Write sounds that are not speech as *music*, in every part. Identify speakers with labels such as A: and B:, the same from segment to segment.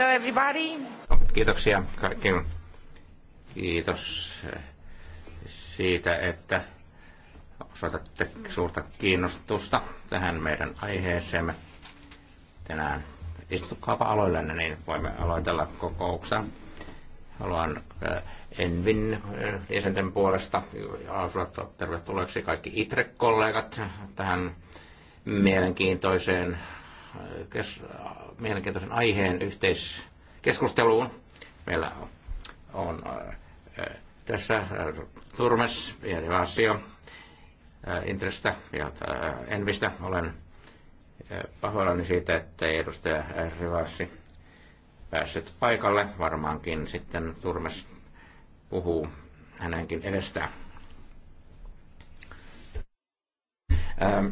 A: Hello everybody.
B: Kiitoksia kaikille. Kiitos eh, siitä, että osoitatte suurta kiinnostusta tähän meidän aiheeseemme tänään. Istukaapa aloillenne, niin voimme aloitella kokouksen. Haluan eh, Envin eh, jäsenten puolesta tervetulleeksi kaikki ITRE-kollegat tähän mielenkiintoiseen kes, mielenkiintoisen aiheen yhteiskeskusteluun. Meillä on äh, äh, tässä äh, Turmes, Jari Vaasio, Intrestä ja Envistä. Olen pahoillani siitä, että edustaja Rivassi päässyt paikalle. Varmaankin sitten Turmes puhuu hänenkin edestään. Ähm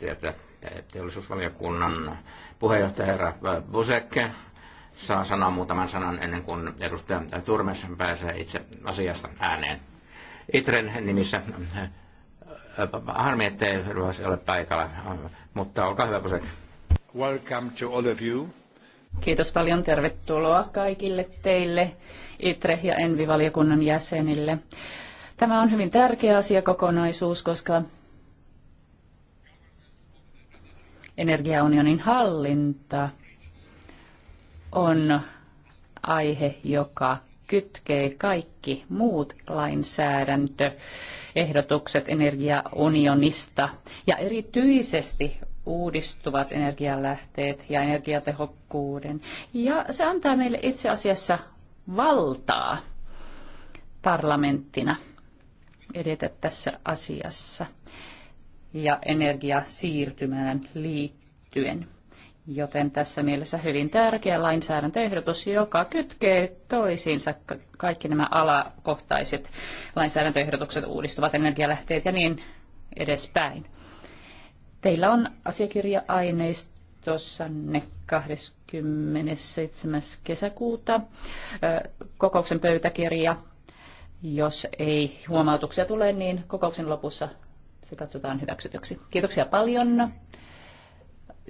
B: tietä, teollisuusvaliokunnan puheenjohtaja herra Busek saa sanoa muutaman sanan ennen kuin edustaja Turmes pääsee itse asiasta ääneen. Itren nimissä harmi, ettei ole paikalla, mutta olkaa hyvä Busek. Welcome to all of you.
C: Kiitos paljon. Tervetuloa kaikille teille, ITRE- ja ENVI-valiokunnan jäsenille. Tämä on hyvin tärkeä asiakokonaisuus, koska energiaunionin hallinta on aihe, joka kytkee kaikki muut lainsäädäntöehdotukset energiaunionista ja erityisesti uudistuvat energialähteet ja energiatehokkuuden. Ja se antaa meille itse asiassa valtaa parlamenttina edetä tässä asiassa ja energiasiirtymään liittyen. Joten tässä mielessä hyvin tärkeä lainsäädäntöehdotus, joka kytkee toisiinsa kaikki nämä alakohtaiset lainsäädäntöehdotukset, uudistuvat energialähteet ja niin edespäin. Teillä on asiakirja-aineistossanne 27. kesäkuuta kokouksen pöytäkirja. Jos ei huomautuksia tule, niin kokouksen lopussa se katsotaan hyväksytyksi. Kiitoksia paljon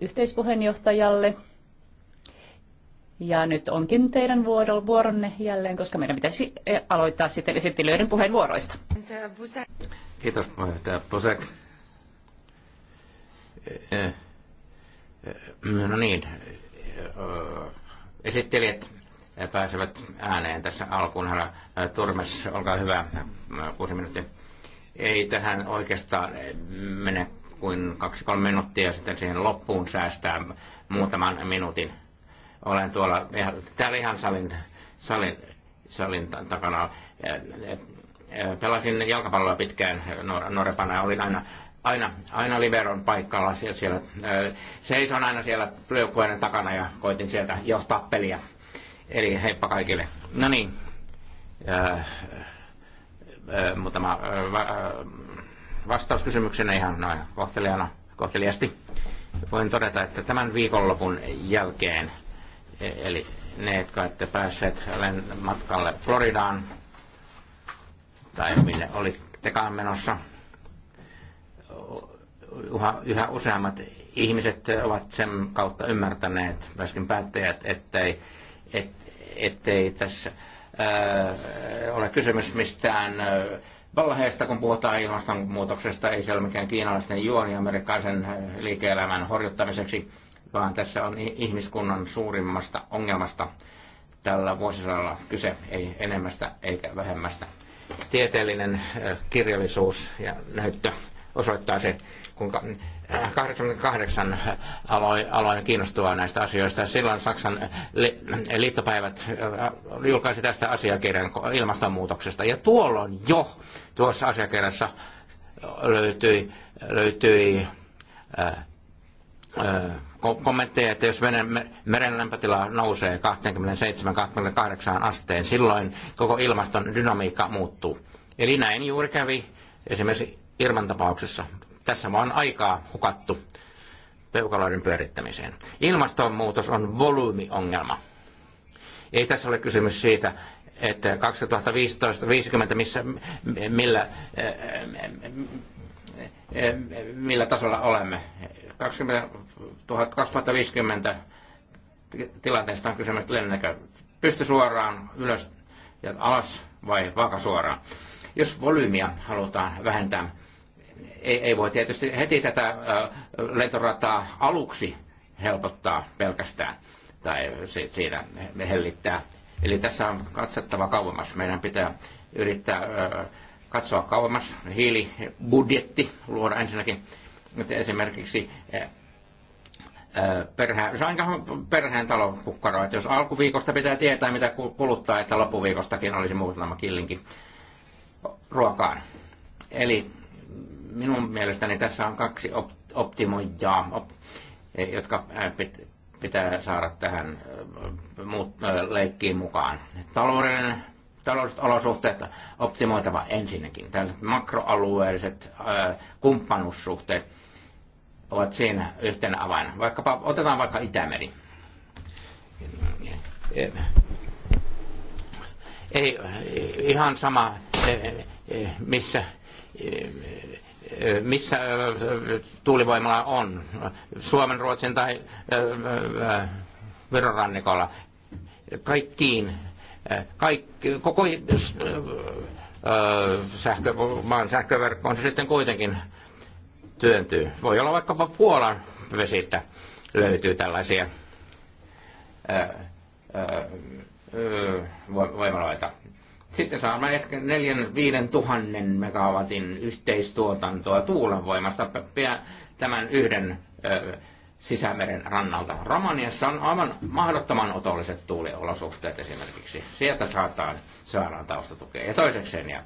C: yhteispuheenjohtajalle. Ja nyt onkin teidän vuoronne jälleen, koska meidän pitäisi eh, aloittaa sitten esittelyiden puheenvuoroista.
B: Kiitos puheenjohtaja Pusek. Eh, eh, no niin, esittelijät pääsevät ääneen tässä alkuun. Herra Turmes, olkaa hyvä, kuusi minuuttia ei tähän oikeastaan mene kuin kaksi-kolme minuuttia sitten siihen loppuun säästää muutaman minuutin. Olen tuolla täällä ihan salin, salin, salin takana. Pelasin jalkapalloa pitkään nuorempana ja olin aina aina, aina Liberon paikalla siellä, siellä seison aina siellä liukkujen takana ja koitin sieltä johtaa peliä. Eli heippa kaikille. No niin. Äh, muutama mä kysymyksenä ihan noin kohteliaana kohteliasti. Voin todeta, että tämän viikonlopun jälkeen, e, eli ne, jotka ette päässeet matkalle Floridaan, tai minne olittekaan menossa, yhä useammat ihmiset ovat sen kautta ymmärtäneet, myöskin päättäjät, ettei, et, ettei tässä ole kysymys mistään valheesta, kun puhutaan ilmastonmuutoksesta. Ei se ole mikään kiinalaisten juoni amerikkalaisen liike-elämän horjuttamiseksi, vaan tässä on ihmiskunnan suurimmasta ongelmasta tällä vuosisadalla kyse ei enemmästä eikä vähemmästä. Tieteellinen kirjallisuus ja näyttö osoittaa se, kuinka 88 äh, aloin, aloin kiinnostua näistä asioista. Silloin Saksan li, liittopäivät äh, julkaisi tästä asiakirjan ilmastonmuutoksesta. Ja tuolloin jo tuossa asiakirjassa löytyi, löytyi ää, äh, ää, kommentteja, että jos veden, meren lämpötila nousee 27-28 asteen, silloin koko ilmaston dynamiikka muuttuu. Eli näin juuri kävi esimerkiksi Irman tapauksessa. Tässä vaan aikaa hukattu peukaloiden pyörittämiseen. Ilmastonmuutos on volyymiongelma. Ei tässä ole kysymys siitä, että 2015 50 millä, millä, millä tasolla olemme. 2050 tilanteesta on kysymys, lennäkö pysty suoraan ylös ja alas vai suoraan. Jos volyymia halutaan vähentää, ei, ei voi tietysti heti tätä lentorataa aluksi helpottaa pelkästään tai siinä hellittää. Eli tässä on katsottava kauemmas. Meidän pitää yrittää katsoa kauemmas hiilibudjetti luoda ensinnäkin. Mutta esimerkiksi perhe, se on perheen talon kukkaro, että jos alkuviikosta pitää tietää, mitä kuluttaa, että loppuviikostakin olisi muutama killinkin ruokaan. Eli minun mielestäni tässä on kaksi op, optimoijaa, op, e, jotka pit, pitää saada tähän muut, leikkiin mukaan. Talouden, taloudelliset olosuhteet optimoitava ensinnäkin. Tällaiset makroalueelliset ää, kumppanuussuhteet ovat siinä yhtenä avaina. Vaikkapa, otetaan vaikka Itämeri. E, ei e, ihan sama, missä missä tuulivoimala on, Suomen, Ruotsin tai Viron Kaikkiin, kaikki, koko sähkö, maan sähköverkkoon se sitten kuitenkin työntyy. Voi olla vaikkapa Puolan vesistä löytyy tällaisia voimaloita. Sitten saamme ehkä neljän, viiden tuhannen megawatin yhteistuotantoa tuulenvoimasta tämän yhden ö, sisämeren rannalta. Romaniassa on aivan mahdottoman otolliset tuuliolosuhteet esimerkiksi. Sieltä saataan, saadaan taustatukea. Ja toisekseen, ja,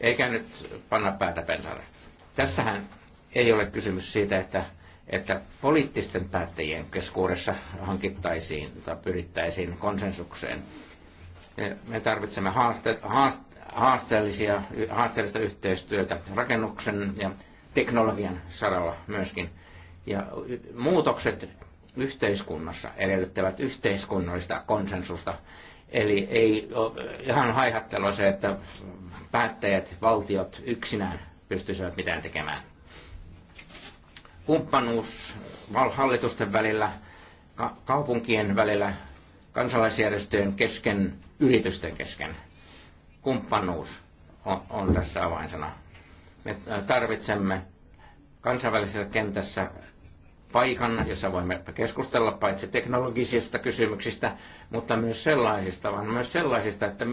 B: eikä nyt panna päätä pensalle. Tässähän ei ole kysymys siitä, että, että poliittisten päättäjien keskuudessa hankittaisiin tai pyrittäisiin konsensukseen me tarvitsemme haaste, haaste, haasteellisia, haasteellista yhteistyötä rakennuksen ja teknologian saralla myöskin. Ja muutokset yhteiskunnassa edellyttävät yhteiskunnallista konsensusta. Eli ei ole ihan haihattelua se, että päättäjät, valtiot yksinään pystyisivät mitään tekemään. Kumppanuus hallitusten välillä, kaupunkien välillä, kansalaisjärjestöjen kesken yritysten kesken. Kumppanuus on, on tässä avainsana. Me tarvitsemme kansainvälisessä kentässä paikan, jossa voimme keskustella paitsi teknologisista kysymyksistä, mutta myös sellaisista, vaan myös sellaisista, että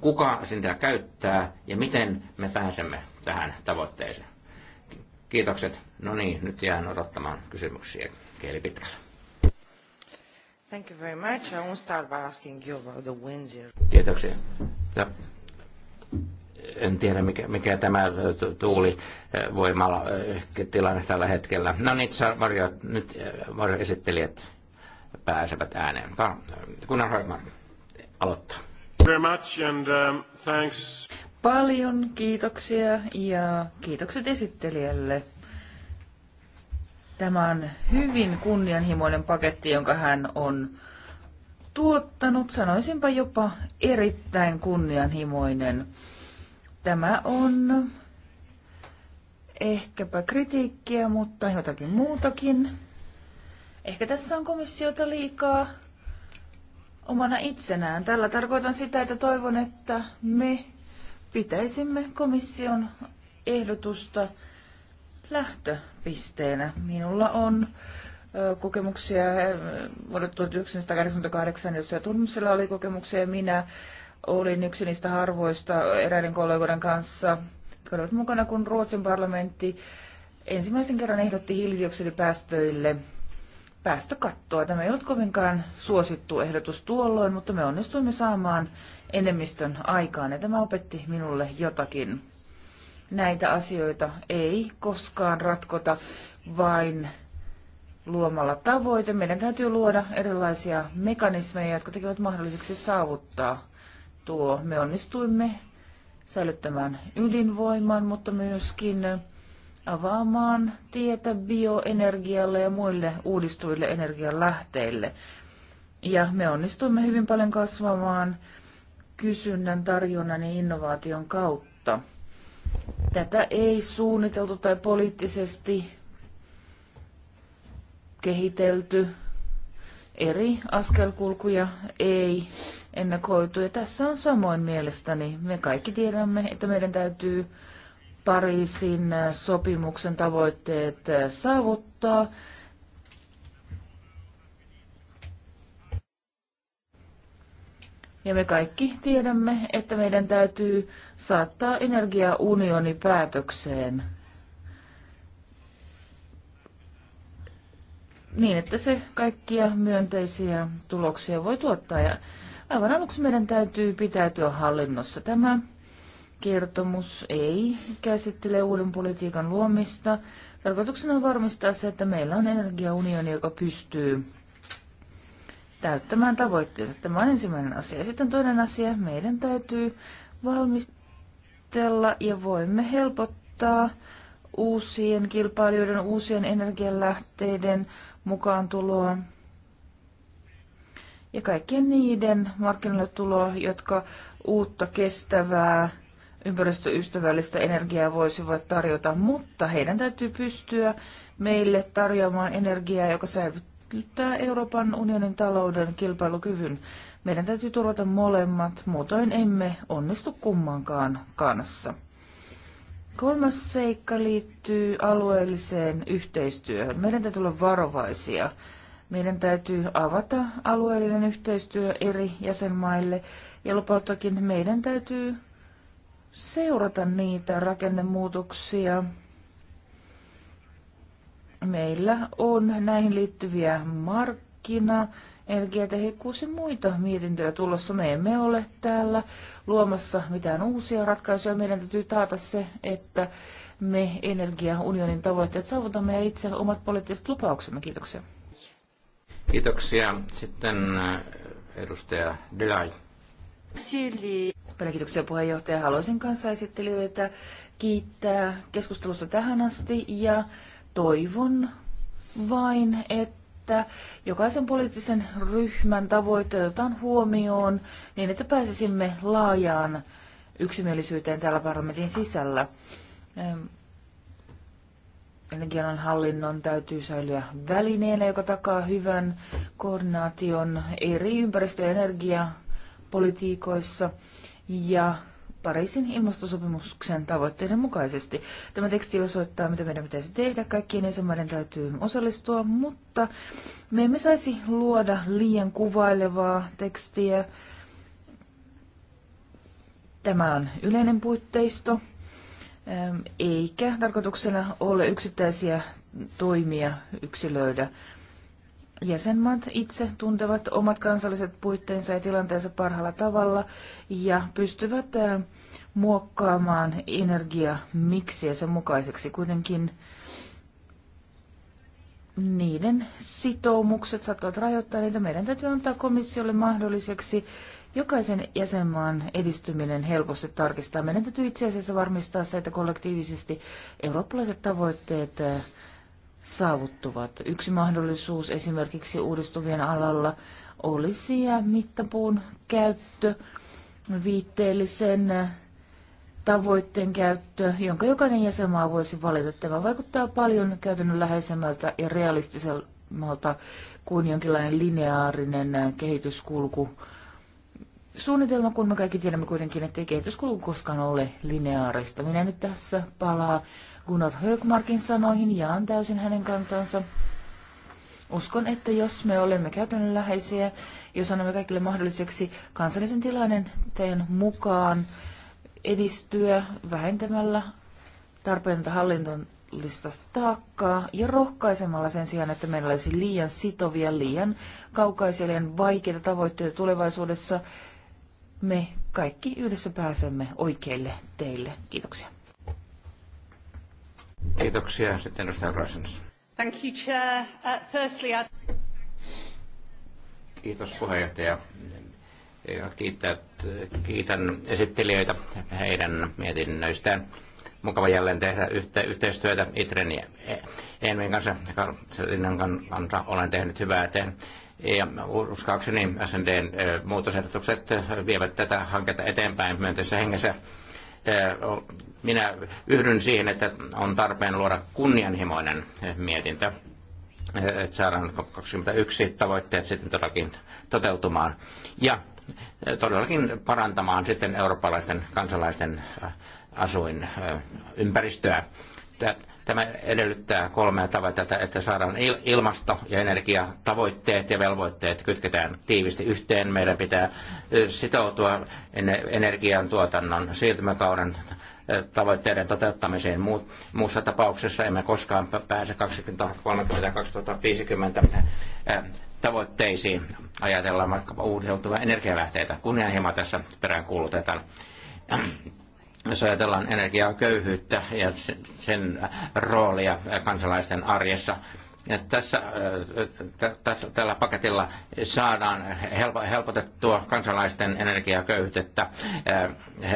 B: kuka sitä käyttää ja miten me pääsemme tähän tavoitteeseen. Kiitokset. No niin, nyt jään odottamaan kysymyksiä kieli pitkällä.
A: Thank you very much. I won't start by asking you about the wins here.
B: Kiitoksia. En tiedä, mikä, mikä tämä tuulivoimalla eh, eh, tilanne tällä hetkellä. No niin, eh, varjo, nyt varjoesittelijät pääsevät ääneen. Gunnar Hoikman aloittaa. Very much and, um, thanks.
A: Paljon kiitoksia ja kiitokset esittelijälle. Tämä on hyvin kunnianhimoinen paketti, jonka hän on tuottanut, sanoisinpa jopa erittäin kunnianhimoinen. Tämä on ehkäpä kritiikkiä, mutta jotakin muutakin. Ehkä tässä on komissiota liikaa omana itsenään. Tällä tarkoitan sitä, että toivon, että me pitäisimme komission ehdotusta lähtöpisteenä. Minulla on kokemuksia vuodelta 1988, jossa Tunnusella oli kokemuksia. Minä olin yksi niistä harvoista eräiden kollegoiden kanssa, jotka olivat mukana, kun Ruotsin parlamentti ensimmäisen kerran ehdotti hiilidioksidipäästöille päästökattoa. Tämä ei ollut kovinkaan suosittu ehdotus tuolloin, mutta me onnistuimme saamaan enemmistön aikaan ja tämä opetti minulle jotakin näitä asioita ei koskaan ratkota vain luomalla tavoite. Meidän täytyy luoda erilaisia mekanismeja, jotka tekevät mahdolliseksi saavuttaa tuo. Me onnistuimme säilyttämään ydinvoiman, mutta myöskin avaamaan tietä bioenergialle ja muille uudistuville energialähteille. Ja me onnistuimme hyvin paljon kasvamaan kysynnän, tarjonnan ja innovaation kautta. Tätä ei suunniteltu tai poliittisesti kehitelty. Eri askelkulkuja ei ennakoitu. Ja tässä on samoin mielestäni. Me kaikki tiedämme, että meidän täytyy Pariisin sopimuksen tavoitteet saavuttaa. Ja me kaikki tiedämme, että meidän täytyy saattaa energiaunioni päätökseen niin, että se kaikkia myönteisiä tuloksia voi tuottaa. Ja aivan aluksi meidän täytyy pitäytyä hallinnossa. Tämä kertomus ei käsittele uuden politiikan luomista. Tarkoituksena on varmistaa se, että meillä on energiaunioni, joka pystyy täyttämään tavoitteensa. Tämä on ensimmäinen asia. Ja sitten toinen asia, meidän täytyy valmistella ja voimme helpottaa uusien kilpailijoiden, uusien energialähteiden mukaan tuloa ja kaikkien niiden markkinoille tuloa, jotka uutta kestävää ympäristöystävällistä energiaa voisivat tarjota, mutta heidän täytyy pystyä meille tarjoamaan energiaa, joka säilyttää säilyttää Euroopan unionin talouden kilpailukyvyn. Meidän täytyy turvata molemmat, muutoin emme onnistu kummankaan kanssa. Kolmas seikka liittyy alueelliseen yhteistyöhön. Meidän täytyy olla varovaisia. Meidän täytyy avata alueellinen yhteistyö eri jäsenmaille ja lopultakin meidän täytyy seurata niitä rakennemuutoksia, meillä on näihin liittyviä markkina, energiatehokkuus ja muita mietintöjä tulossa. Me emme ole täällä luomassa mitään uusia ratkaisuja. Meidän täytyy taata se, että me energiaunionin tavoitteet saavutamme ja itse omat poliittiset lupauksemme. Kiitoksia.
B: Kiitoksia. Sitten äh, edustaja Delay.
A: Paljon kiitoksia puheenjohtaja. Haluaisin kanssa esittelijöitä kiittää keskustelusta tähän asti ja Toivon vain, että jokaisen poliittisen ryhmän tavoitteet otetaan huomioon niin, että pääsisimme laajaan yksimielisyyteen täällä parlamentin sisällä. Energian hallinnon täytyy säilyä välineenä, joka takaa hyvän koordinaation eri ympäristö- ja energiapolitiikoissa ja Pariisin ilmastosopimuksen tavoitteiden mukaisesti. Tämä teksti osoittaa, mitä meidän pitäisi tehdä. Kaikkien jäsenmaiden täytyy osallistua, mutta me emme saisi luoda liian kuvailevaa tekstiä. Tämä on yleinen puitteisto, ehm, eikä tarkoituksena ole yksittäisiä toimia yksilöidä jäsenmaat itse tuntevat omat kansalliset puitteensa ja tilanteensa parhaalla tavalla ja pystyvät muokkaamaan energiamiksiä sen mukaiseksi. Kuitenkin niiden sitoumukset saattavat rajoittaa niitä. Meidän täytyy antaa komissiolle mahdolliseksi jokaisen jäsenmaan edistyminen helposti tarkistaa. Meidän täytyy itse asiassa varmistaa se, että kollektiivisesti eurooppalaiset tavoitteet saavuttuvat. Yksi mahdollisuus esimerkiksi uudistuvien alalla olisi mittapuun käyttö, viitteellisen tavoitteen käyttö, jonka jokainen jäsenmaa voisi valita. Tämä vaikuttaa paljon läheisemmältä ja realistisemmalta kuin jonkinlainen lineaarinen kehityskulku suunnitelma, kun me kaikki tiedämme kuitenkin, että ei kehityskulu koskaan ole lineaarista. Minä nyt tässä palaa Gunnar Högmarkin sanoihin, jaan täysin hänen kantansa. Uskon, että jos me olemme läheisiä, jos annamme kaikille mahdolliseksi kansallisen tilanteen mukaan edistyä vähentämällä tarpeenta hallinnollista taakkaa ja rohkaisemalla sen sijaan, että meillä olisi liian sitovia, liian kaukaisia, liian vaikeita tavoitteita tulevaisuudessa, me kaikki yhdessä pääsemme oikeille teille. Kiitoksia.
B: Kiitoksia. Sitten edustaja Rasmus.
A: Thank you, Chair. Uh, firstly,
B: Kiitos puheenjohtaja. Ja kiitän, kiitän esittelijöitä heidän mietinnöistään. Mukava jälleen tehdä yhte, yhteistyötä Itren ja e- Enmin kanssa. kanssa olen tehnyt hyvää tehdä. Ja e uskaukseni SNDn muutosehdotukset vievät tätä hanketta eteenpäin myönteisessä hengessä. Minä yhdyn siihen, että on tarpeen luoda kunnianhimoinen mietintö, että saadaan 21 tavoitteet sitten todellakin toteutumaan. Ja todellakin parantamaan sitten eurooppalaisten kansalaisten asuinympäristöä. Tämä edellyttää kolmea tavoitetta, että saadaan ilmasto- ja energiatavoitteet ja velvoitteet kytketään tiivisti yhteen. Meidän pitää sitoutua energiantuotannon siirtymäkauden tavoitteiden toteuttamiseen. Muussa tapauksessa emme koskaan pääse 2030-2050 tavoitteisiin. Ajatellaan vaikkapa uudeltuvia energialähteitä. Kunnianhimoa tässä perään kuulutetaan jos ajatellaan energiaköyhyyttä ja sen roolia kansalaisten arjessa, tässä, tässä, tällä paketilla saadaan helpotettua kansalaisten energiaköyhyyttä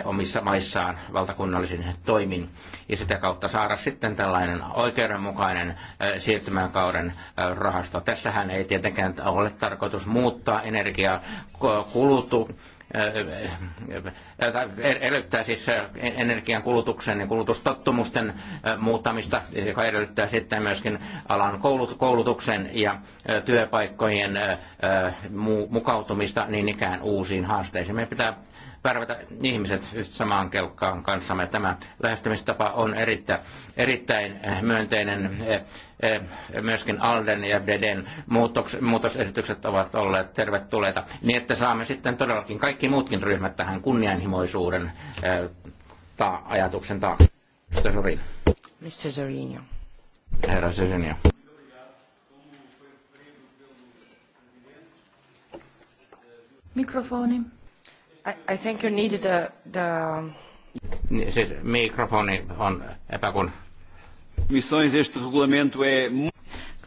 B: omissa maissaan valtakunnallisin toimin ja sitä kautta saada sitten tällainen oikeudenmukainen siirtymäkauden rahasto. Tässähän ei tietenkään ole tarkoitus muuttaa energiakulutu Äh, äh, äh, edellyttää siis energian kulutuksen ja kulutustottumusten muuttamista, joka edellyttää sitten myöskin alan koulutuksen ja työpaikkojen mukautumista niin ikään uusiin haasteisiin. Meidän pitää värvätä ihmiset samaan kelkkaan kanssamme. Tämä lähestymistapa on erittäin, erittäin myönteinen. Eh, eh, myöskin Alden ja Deden muutos, muutosesitykset ovat olleet tervetulleita, niin että saamme sitten todellakin kaikki muutkin ryhmät tähän kunnianhimoisuuden eh, ta- ajatuksen taakse.
A: Mr. Zorino.
B: Mr. Herra Zorino.
A: Mikrofoni.
C: I, think you needed the, the...
B: Niin, siis mikrofoni on epäkun. Missões este regulamento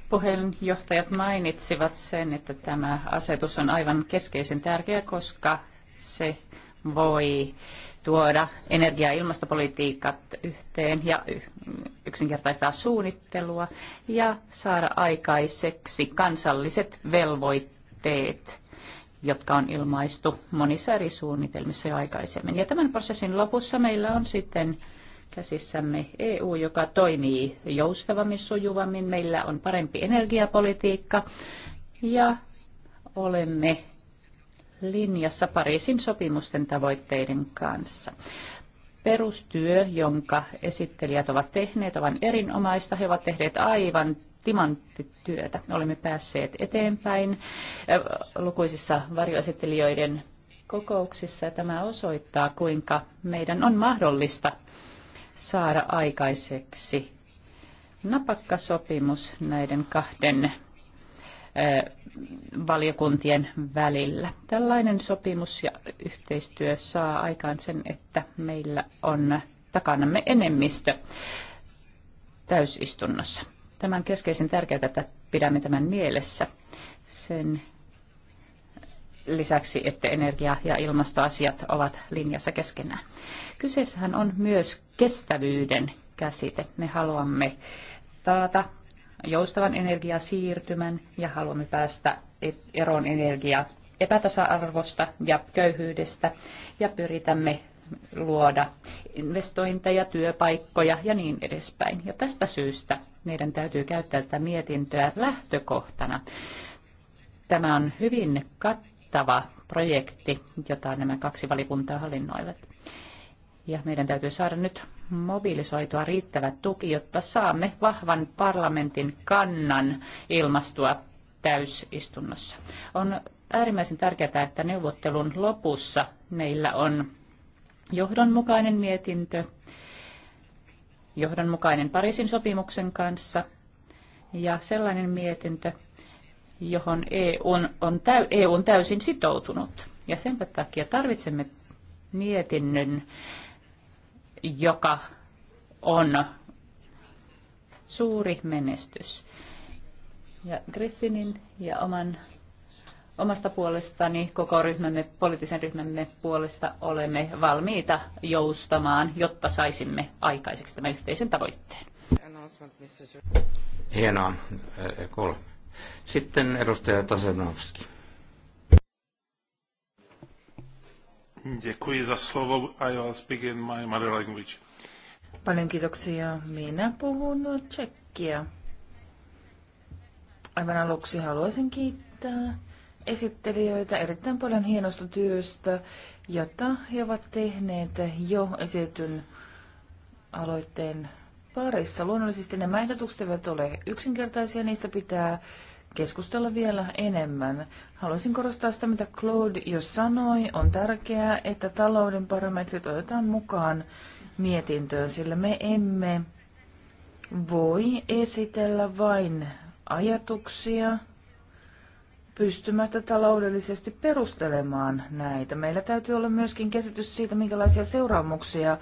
C: puheenjohtajat mainitsivat sen, että tämä asetus on aivan keskeisen tärkeä, koska se voi tuoda energia- ja ilmastopolitiikat yhteen ja yksinkertaistaa suunnittelua ja saada aikaiseksi kansalliset velvoitteet jotka on ilmaistu monissa eri suunnitelmissa jo aikaisemmin. Ja tämän prosessin lopussa meillä on sitten käsissämme EU, joka toimii joustavammin, sujuvammin. Meillä on parempi energiapolitiikka ja olemme linjassa Pariisin sopimusten tavoitteiden kanssa perustyö, jonka esittelijät ovat tehneet, on erinomaista. He ovat tehneet aivan timanttityötä. Olemme päässeet eteenpäin lukuisissa varjoesittelijöiden kokouksissa. Tämä osoittaa, kuinka meidän on mahdollista saada aikaiseksi napakka sopimus näiden kahden valiokuntien välillä. Tällainen sopimus ja yhteistyö saa aikaan sen, että meillä on takanamme enemmistö täysistunnossa. Tämän keskeisen tärkeää, että pidämme tämän mielessä. Sen lisäksi, että energia- ja ilmastoasiat ovat linjassa keskenään. Kyseessähän on myös kestävyyden käsite. Me haluamme taata joustavan energiasiirtymän ja haluamme päästä eroon energia epätasa-arvosta ja köyhyydestä ja pyritämme luoda investointeja, työpaikkoja ja niin edespäin. Ja tästä syystä meidän täytyy käyttää tätä mietintöä lähtökohtana. Tämä on hyvin kattava projekti, jota nämä kaksi valikuntaa hallinnoivat. Ja meidän täytyy saada nyt mobilisoitua riittävä tuki, jotta saamme vahvan parlamentin kannan ilmastua täysistunnossa. On äärimmäisen tärkeää, että neuvottelun lopussa meillä on johdonmukainen mietintö, johdonmukainen Pariisin sopimuksen kanssa ja sellainen mietintö, johon EU on, täy, EU on täysin sitoutunut. Ja sen takia tarvitsemme mietinnön, joka on suuri menestys. Ja Griffinin ja oman, omasta puolestani, koko ryhmämme, poliittisen ryhmämme puolesta olemme valmiita joustamaan, jotta saisimme aikaiseksi tämän yhteisen tavoitteen.
B: Hienoa, äh, kolme. Sitten edustaja Tasenovski.
A: Děkuji za slovo. speak in my mother language. Paljon kiitoksia. Minä puhun tsekkiä. Aivan aluksi haluaisin kiittää esittelijöitä erittäin paljon hienosta työstä, jota he ovat tehneet jo esityn aloitteen parissa. Luonnollisesti nämä ehdotukset eivät ole yksinkertaisia, niistä pitää keskustella vielä enemmän. Haluaisin korostaa sitä, mitä Claude jo sanoi. On tärkeää, että talouden parametrit otetaan mukaan mietintöön, sillä me emme voi esitellä vain ajatuksia pystymättä taloudellisesti perustelemaan näitä. Meillä täytyy olla myöskin käsitys siitä, minkälaisia seuraamuksia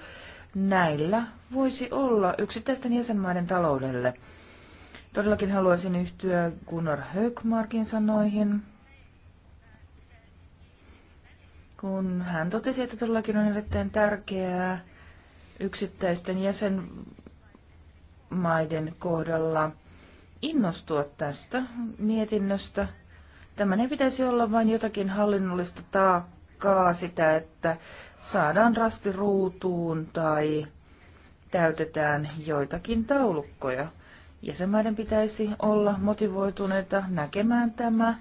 A: näillä voisi olla yksittäisten jäsenmaiden taloudelle. Todellakin haluaisin yhtyä Gunnar Högmarkin sanoihin, kun hän totesi, että todellakin on erittäin tärkeää yksittäisten jäsenmaiden kohdalla innostua tästä mietinnöstä. Tämän ei pitäisi olla vain jotakin hallinnollista taakkaa sitä, että saadaan rasti ruutuun tai täytetään joitakin taulukkoja. Jäsenmaiden pitäisi olla motivoituneita näkemään tämä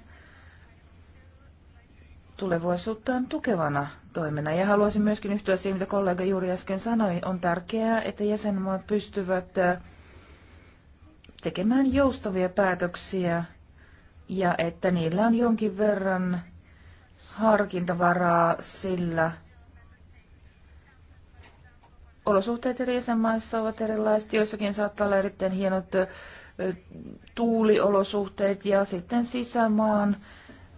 A: tulevaisuuttaan tukevana toimena. Ja haluaisin myöskin yhtyä siihen, mitä kollega juuri äsken sanoi. On tärkeää, että jäsenmaat pystyvät äh, tekemään joustavia päätöksiä ja että niillä on jonkin verran harkintavaraa sillä, olosuhteet eri jäsenmaissa ovat erilaiset. Joissakin saattaa olla erittäin hienot tuuliolosuhteet ja sitten sisämaan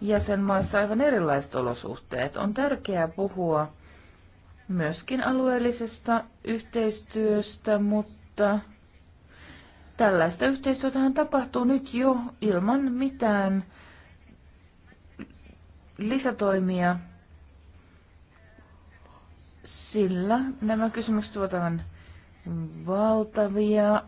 A: jäsenmaissa aivan erilaiset olosuhteet. On tärkeää puhua myöskin alueellisesta yhteistyöstä, mutta tällaista yhteistyötähän tapahtuu nyt jo ilman mitään lisätoimia sillä nämä kysymykset ovat aivan valtavia,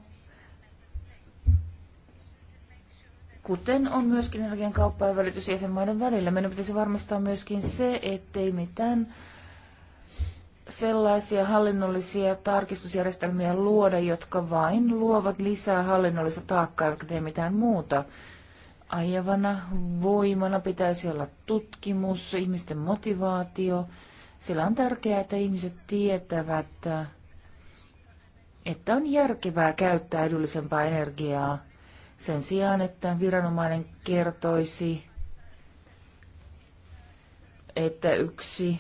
A: kuten on myöskin energian kauppa ja välitys jäsenmaiden välillä. Meidän pitäisi varmistaa myöskin se, ettei mitään sellaisia hallinnollisia tarkistusjärjestelmiä luoda, jotka vain luovat lisää hallinnollista taakkaa, eivätkä tee mitään muuta. Ajavana voimana pitäisi olla tutkimus, ihmisten motivaatio, sillä on tärkeää, että ihmiset tietävät, että on järkevää käyttää edullisempaa energiaa sen sijaan, että viranomainen kertoisi, että 1,5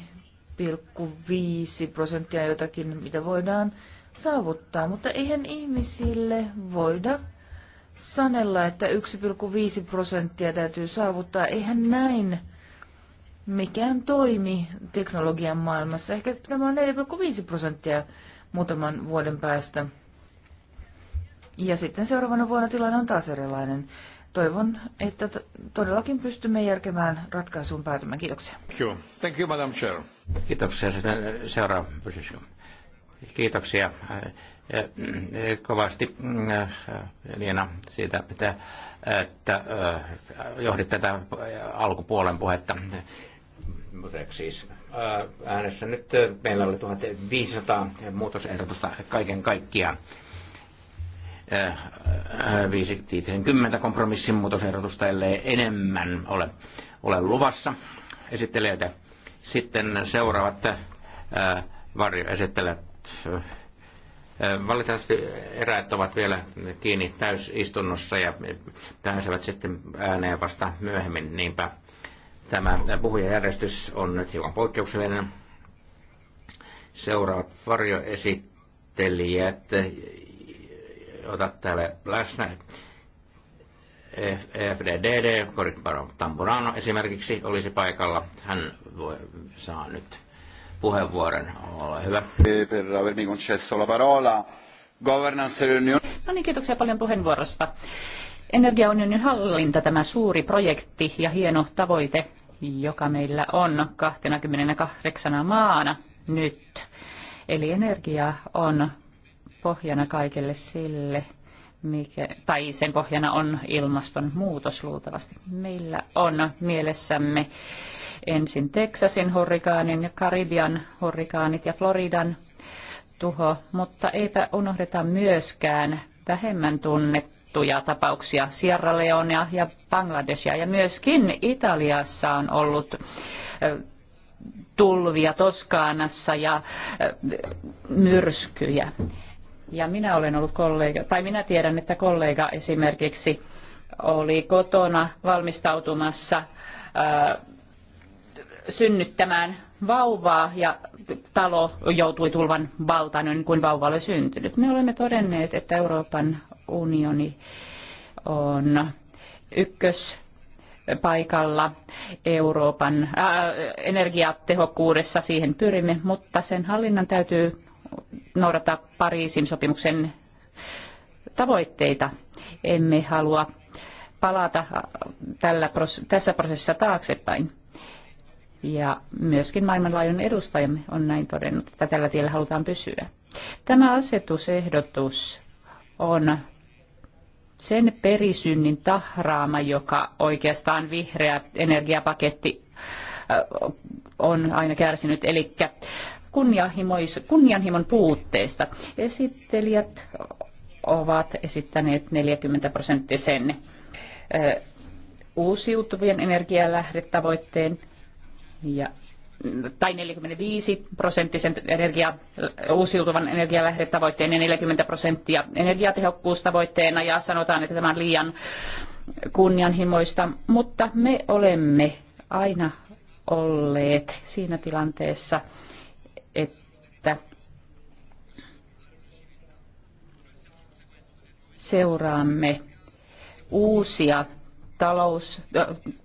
A: prosenttia jotakin, mitä voidaan saavuttaa, mutta eihän ihmisille voida sanella, että 1,5 prosenttia täytyy saavuttaa. Eihän näin mikään toimi teknologian maailmassa. Ehkä tämä on 4,5 prosenttia muutaman vuoden päästä. Ja sitten seuraavana vuonna tilanne on taas erilainen. Toivon, että todellakin pystymme järkemään ratkaisuun päätymään. Kiitoksia.
B: Thank you, Madam Chair. Kiitoksia. Äh, seuraava position. Kiitoksia äh, äh, kovasti Liena siitä, että johdit tätä alkupuolen puhetta siis äänessä nyt meillä oli 1500 muutosehdotusta kaiken kaikkiaan. 50 kompromissin muutosehdotusta, ellei enemmän ole, ole luvassa esittelijöitä. Sitten seuraavat varjoesittelijät. Valitettavasti eräät ovat vielä kiinni täysistunnossa ja pääsevät sitten ääneen vasta myöhemmin, niinpä Tämä puhujajärjestys on nyt hiukan poikkeuksellinen. Seuraavat varjoesittelijät, otat täällä läsnä. FDDD, Koriparo Tamburano esimerkiksi olisi paikalla. Hän voi, saa nyt puheenvuoron. Ole hyvä. Per avermi concesso la parola. Governance
C: No niin, kiitoksia paljon puheenvuorosta. Energiaunionin hallinta, tämä suuri projekti ja hieno tavoite, joka meillä on 28 maana nyt. Eli energia on pohjana kaikelle sille, mikä, tai sen pohjana on ilmastonmuutos luultavasti. Meillä on mielessämme ensin Teksasin hurrikaanin ja Karibian hurrikaanit ja Floridan tuho, mutta eipä unohdeta myöskään vähemmän tunnettu tunnettuja tapauksia Sierra Leonea ja Bangladesia. Ja myöskin Italiassa on ollut tulvia Toskaanassa ja myrskyjä. Ja minä olen ollut kollega, tai minä tiedän, että kollega esimerkiksi oli kotona valmistautumassa synnyttämään vauvaa ja talo joutui tulvan valtaan, niin kuin vauva oli syntynyt. Me olemme todenneet, että Euroopan unioni on ykkös paikalla Euroopan äh, energiatehokkuudessa, siihen pyrimme, mutta sen hallinnan täytyy noudata Pariisin sopimuksen tavoitteita. Emme halua palata äh, tällä, tässä prosessissa taaksepäin. Ja myöskin maailmanlaajuinen edustajamme on näin todennut, että tällä tiellä halutaan pysyä. Tämä asetusehdotus on sen perisynnin tahraama, joka oikeastaan vihreä energiapaketti on aina kärsinyt, eli kunnianhimon puutteesta. Esittelijät ovat esittäneet 40 prosenttisen uusiutuvien energialähdetavoitteen ja tai 45 prosenttisen energia, uusiutuvan energialähdetavoitteen ja 40 prosenttia energiatehokkuustavoitteena ja sanotaan, että tämä on liian kunnianhimoista, mutta me olemme aina olleet siinä tilanteessa, että seuraamme uusia talous,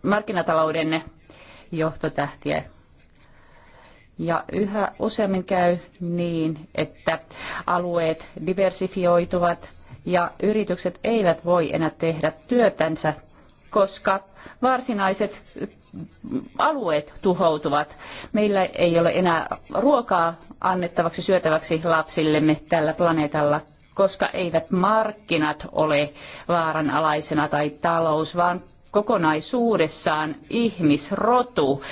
C: markkinatalouden johtotähtiä ja yhä useammin käy niin, että alueet diversifioituvat ja yritykset eivät voi enää tehdä työtänsä, koska varsinaiset mm, alueet tuhoutuvat. Meillä ei ole enää ruokaa annettavaksi syötäväksi lapsillemme tällä planeetalla, koska eivät markkinat ole vaaranalaisena tai talous, vaan kokonaisuudessaan ihmisrotu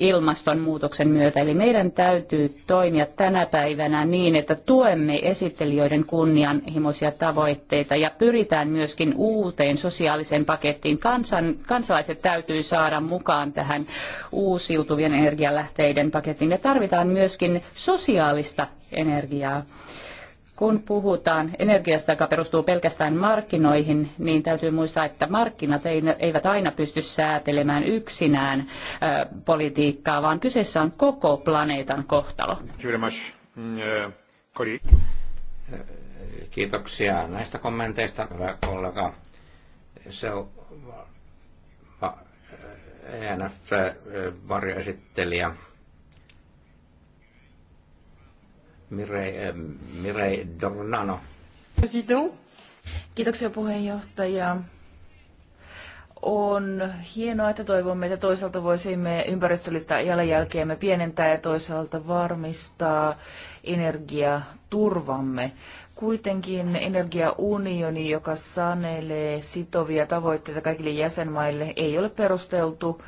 C: ilmastonmuutoksen myötä. Eli meidän täytyy toimia tänä päivänä niin, että tuemme esittelijöiden kunnianhimoisia tavoitteita ja pyritään myöskin uuteen sosiaaliseen pakettiin. Kansan, kansalaiset täytyy saada mukaan tähän uusiutuvien energialähteiden pakettiin ja tarvitaan myöskin sosiaalista energiaa kun puhutaan energiasta, joka perustuu pelkästään markkinoihin, niin täytyy muistaa, että markkinat eivät aina pysty säätelemään yksinään politiikkaa, vaan kyseessä on koko planeetan kohtalo.
B: Mm, Kiitoksia näistä kommenteista, hyvä kollega. Se on ENF-varjoesittelijä Mireille, eh, Mireille Dornano.
A: Kiitoksia puheenjohtaja. On hienoa, että toivomme, että toisaalta voisimme ympäristöllistä jalanjälkeämme pienentää ja toisaalta varmistaa energiaturvamme. Kuitenkin energiaunioni, joka sanelee sitovia tavoitteita kaikille jäsenmaille, ei ole perusteltu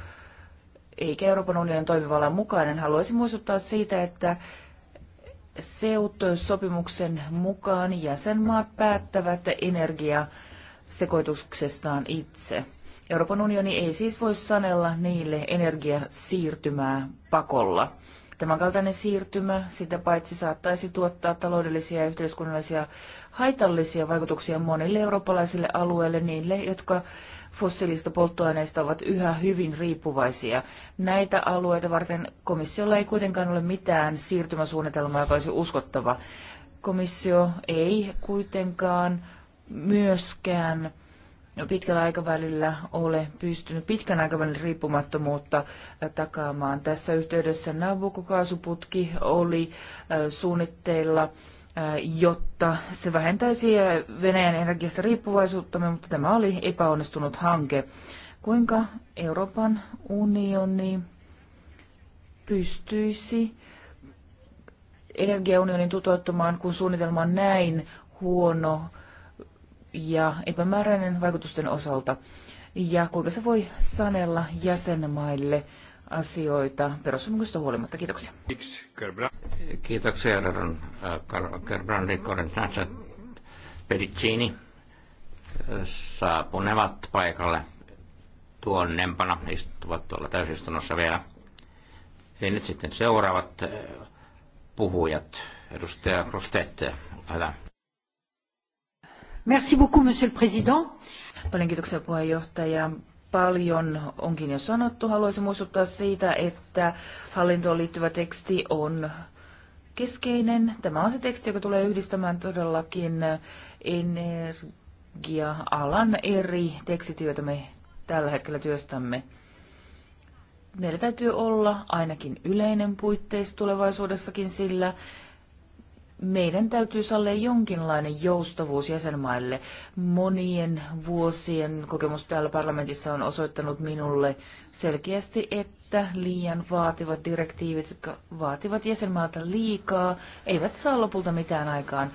A: eikä Euroopan unionin toimivallan mukainen. Haluaisin muistuttaa siitä, että SEUT-sopimuksen mukaan jäsenmaat päättävät energiasekoituksestaan itse. Euroopan unioni ei siis voi sanella niille energiasiirtymää pakolla. Tämänkaltainen siirtymä sitä paitsi saattaisi tuottaa taloudellisia ja yhteiskunnallisia haitallisia vaikutuksia monille eurooppalaisille alueille, niille, jotka fossiilista polttoaineista ovat yhä hyvin riippuvaisia. Näitä alueita varten komissiolla ei kuitenkaan ole mitään siirtymäsuunnitelmaa, joka olisi uskottava. Komissio ei kuitenkaan myöskään pitkällä aikavälillä ole pystynyt pitkän aikavälin riippumattomuutta äh, takaamaan. Tässä yhteydessä Nabucco-kaasuputki oli äh, suunnitteilla jotta se vähentäisi Venäjän energiassa riippuvaisuuttamme, mutta tämä oli epäonnistunut hanke. Kuinka Euroopan unioni pystyisi energiaunionin toteuttamaan, kun suunnitelma on näin huono ja epämääräinen vaikutusten osalta? Ja kuinka se voi sanella jäsenmaille asioita perussopimuksesta huolimatta. Kiitoksia.
B: Kiitoksia, Reverend äh, Gerbrandi Korentansa Pedicini. Saapunevat paikalle tuonnempana, istuvat tuolla täysistunnossa vielä. Ja nyt sitten seuraavat äh, puhujat. Edustaja Krostette, hyvä.
A: Merci beaucoup, monsieur le président. Paljon kiitoksia puheenjohtaja paljon onkin jo sanottu. Haluaisin muistuttaa siitä, että hallintoon liittyvä teksti on keskeinen. Tämä on se teksti, joka tulee yhdistämään todellakin energia-alan eri tekstit, joita me tällä hetkellä työstämme. Meillä täytyy olla ainakin yleinen puitteissa tulevaisuudessakin, sillä meidän täytyy sallia jonkinlainen joustavuus jäsenmaille. Monien vuosien kokemus täällä parlamentissa on osoittanut minulle selkeästi, että liian vaativat direktiivit, jotka vaativat jäsenmaalta liikaa, eivät saa lopulta mitään aikaan.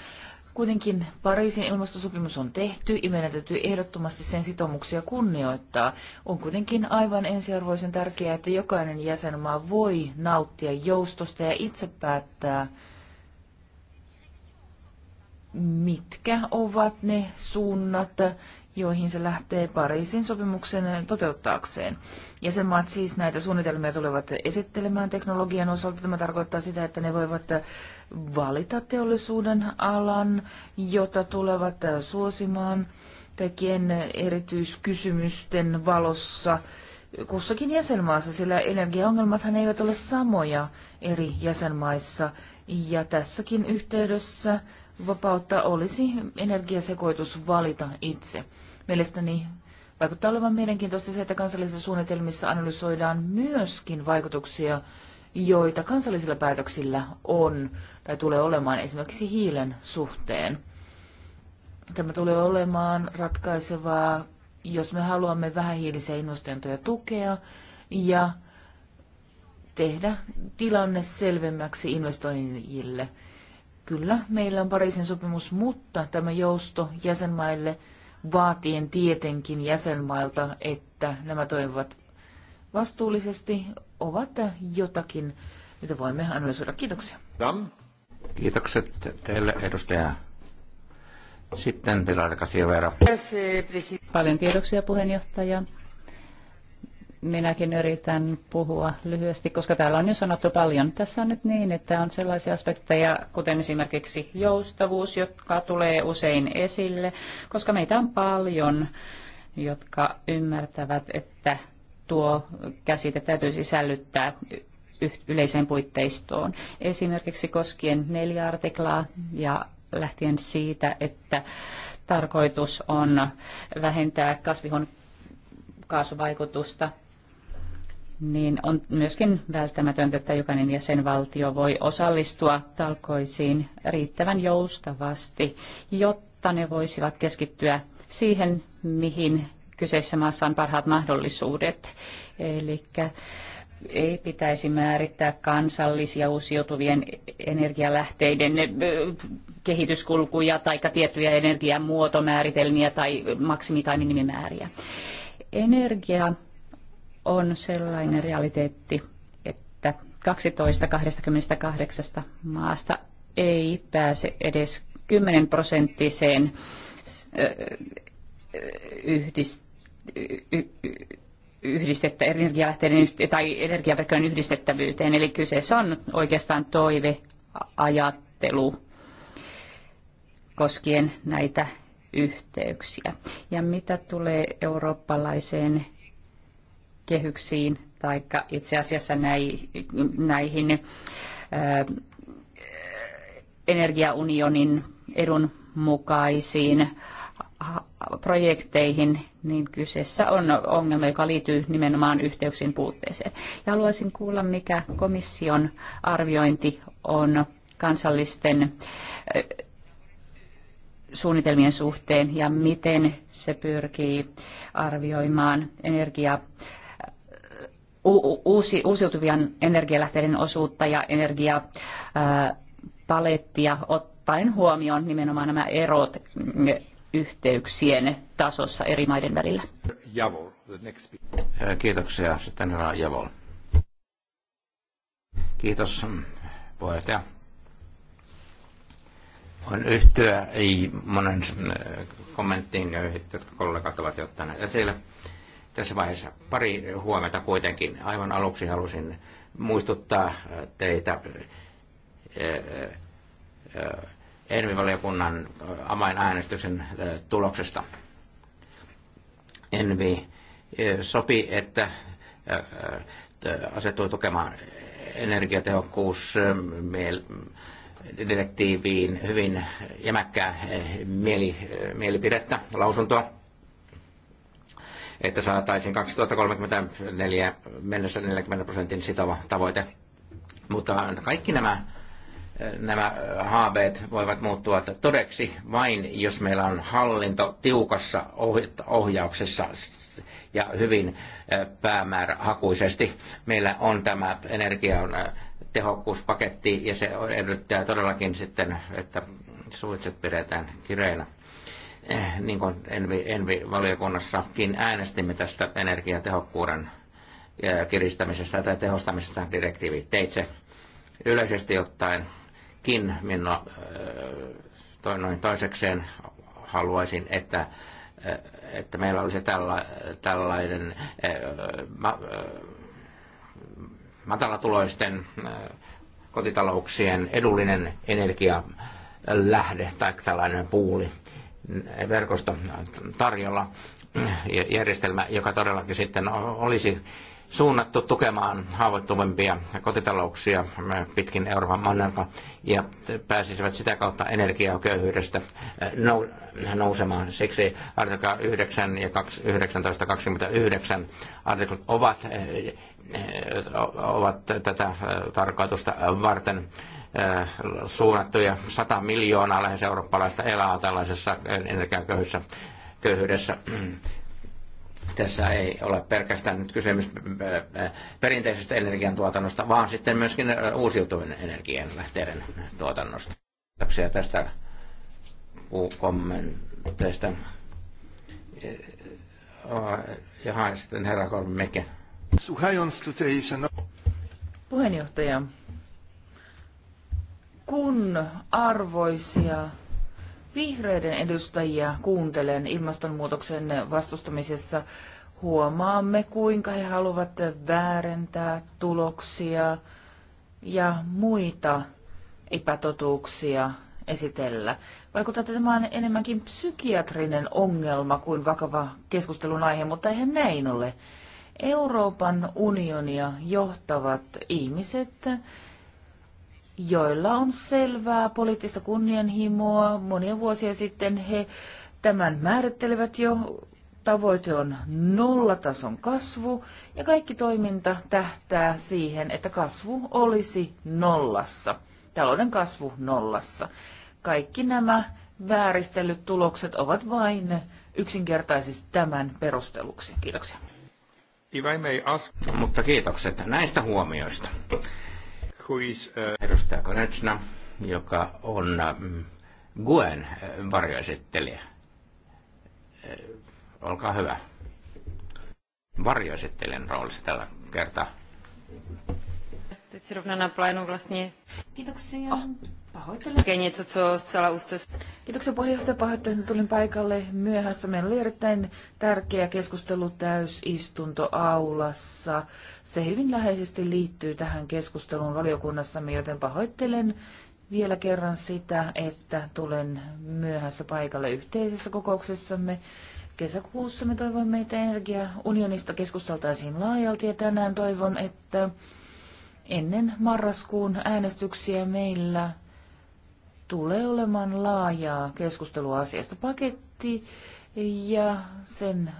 A: Kuitenkin Pariisin ilmastosopimus on tehty ja meidän täytyy ehdottomasti sen sitoumuksia kunnioittaa. On kuitenkin aivan ensiarvoisen tärkeää, että jokainen jäsenmaa voi nauttia joustosta ja itse päättää, mitkä ovat ne suunnat, joihin se lähtee Pariisin sopimuksen toteuttaakseen. Jäsenmaat siis näitä suunnitelmia tulevat esittelemään teknologian osalta. Tämä tarkoittaa sitä, että ne voivat valita teollisuuden alan, jota tulevat suosimaan kaikkien erityiskysymysten valossa kussakin jäsenmaassa, sillä energiaongelmathan eivät ole samoja eri jäsenmaissa. Ja tässäkin yhteydessä vapautta olisi energiasekoitus valita itse. Mielestäni vaikuttaa olevan mielenkiintoista se, että kansallisissa suunnitelmissa analysoidaan myöskin vaikutuksia, joita kansallisilla päätöksillä on tai tulee olemaan esimerkiksi hiilen suhteen. Tämä tulee olemaan ratkaisevaa, jos me haluamme vähähiilisiä investointeja tukea ja tehdä tilanne selvemmäksi investoijille – Kyllä, meillä on Pariisin sopimus, mutta tämä jousto jäsenmaille vaatien tietenkin jäsenmailta, että nämä toimivat vastuullisesti, ovat jotakin, mitä voimme analysoida.
C: Kiitoksia.
B: Kiitokset teille, edustaja sitten Pilar Kasivero.
C: Paljon kiitoksia puheenjohtaja. Minäkin yritän puhua lyhyesti, koska täällä on jo sanottu paljon. Tässä on nyt niin, että on sellaisia aspekteja, kuten esimerkiksi joustavuus, jotka tulee usein esille, koska meitä on paljon, jotka ymmärtävät, että tuo käsite täytyy sisällyttää yleiseen puitteistoon. Esimerkiksi koskien neljä artiklaa ja lähtien siitä, että tarkoitus on vähentää kasvihuonekaasuvaikutusta niin on myöskin välttämätöntä, että jokainen jäsenvaltio voi osallistua talkoisiin riittävän joustavasti, jotta ne voisivat keskittyä siihen, mihin kyseisessä maassa on parhaat mahdollisuudet. Eli ei pitäisi määrittää kansallisia uusiutuvien energialähteiden kehityskulkuja tai tiettyjä energiamuotomääritelmiä tai maksimi- tai minimimääriä. Energia on sellainen realiteetti, että 12 28 maasta ei pääse edes 10 prosenttiseen yhdistettä energialähteiden tai energiaverkkojen yhdistettävyyteen. Eli kyseessä on oikeastaan toiveajattelu koskien näitä yhteyksiä. Ja mitä tulee eurooppalaiseen kehyksiin tai itse asiassa näihin energiaunionin edun mukaisiin projekteihin, niin kyseessä on ongelma, joka liittyy nimenomaan yhteyksien puutteeseen. Ja haluaisin kuulla, mikä komission arviointi on kansallisten suunnitelmien suhteen ja miten se pyrkii arvioimaan energia- uusi, uusiutuvien energialähteiden osuutta ja energiapalettia ottaen huomioon nimenomaan nämä erot mm, yhteyksien tasossa eri maiden välillä. Javol,
B: Kiitoksia. Sitten herra Javol. Kiitos mm, puheenjohtaja. On yhtyä ei monen mm, kommenttiin, jotka kollegat ovat jo ottaneet esille. Tässä vaiheessa pari huomenta kuitenkin. Aivan aluksi halusin muistuttaa teitä eh, eh, eh, Envi-valiokunnan avainainäänestyksen tuloksesta. Envi sopi, että asettui tukemaan energiatehokkuus direktiiviin hyvin jämäkkää mieli, mielipidettä, lausuntoa että saataisiin 2034 mennessä 40 prosentin sitova tavoite. Mutta kaikki nämä, nämä haaveet voivat muuttua todeksi vain, jos meillä on hallinto tiukassa ohjauksessa ja hyvin päämäärähakuisesti. Meillä on tämä energian tehokkuuspaketti ja se edellyttää todellakin sitten, että suitset pidetään kireinä. *clears throat* niin kuin Envi-valiokunnassakin äänestimme tästä energiatehokkuuden kiristämisestä tai tehostamisesta direktiivi teitse. Yleisesti ottaenkin minua noin toisekseen haluaisin, että, että meillä olisi tälla, tällainen ma, matalatuloisten kotitalouksien edullinen energialähde tai tällainen puuli verkosto tarjolla järjestelmä, joka todellakin sitten olisi suunnattu tukemaan haavoittuvimpia kotitalouksia pitkin Euroopan mannerta ja pääsisivät sitä kautta energiaköyhyydestä nousemaan. Siksi artikla 9 ja 1929 artiklat ovat ovat tätä tarkoitusta varten suunnattuja. 100 miljoonaa lähes eurooppalaista elää tällaisessa energiaköyhyydessä. köyhyydessä tässä ei ole pelkästään nyt kysymys perinteisestä energiantuotannosta, vaan sitten myöskin uusiutuvien energian lähteiden tuotannosta. Kiitoksia tästä kommenteista. Ja sitten herra Kormimekin.
A: Puheenjohtaja, kun arvoisia vihreiden edustajia kuuntelen ilmastonmuutoksen vastustamisessa, huomaamme kuinka he haluavat väärentää tuloksia ja muita epätotuuksia esitellä. Vaikuttaa, että tämä on enemmänkin psykiatrinen ongelma kuin vakava keskustelun aihe, mutta eihän näin ole. Euroopan unionia johtavat ihmiset, joilla on selvää poliittista kunnianhimoa. Monia vuosia sitten he tämän määrittelevät jo. Tavoite on nollatason kasvu ja kaikki toiminta tähtää siihen, että kasvu olisi nollassa, talouden kasvu nollassa. Kaikki nämä vääristellyt tulokset ovat vain yksinkertaisesti tämän perusteluksi. Kiitoksia. If I may ask...
B: Mutta kiitokset näistä huomioista. Who is, uh... Edustaja Konechna, joka on mm, Guen äh, varjoesittelijä. Äh, olkaa hyvä. Varjoesittelijän roolissa tällä kertaa.
A: Kiitoksia. Oh. Pahoittelen. Kiitoksia puheenjohtaja. Pahoittelen, tulin paikalle myöhässä. Meillä oli erittäin tärkeä keskustelu täysistuntoaulassa. Se hyvin läheisesti liittyy tähän keskusteluun valiokunnassamme, joten pahoittelen vielä kerran sitä, että tulen myöhässä paikalle yhteisessä kokouksessamme. Kesäkuussa me toivoimme, että energiaunionista keskusteltaisiin laajalti ja tänään toivon, että ennen marraskuun äänestyksiä meillä tulee olemaan laajaa keskustelua asiasta. Paketti ja sen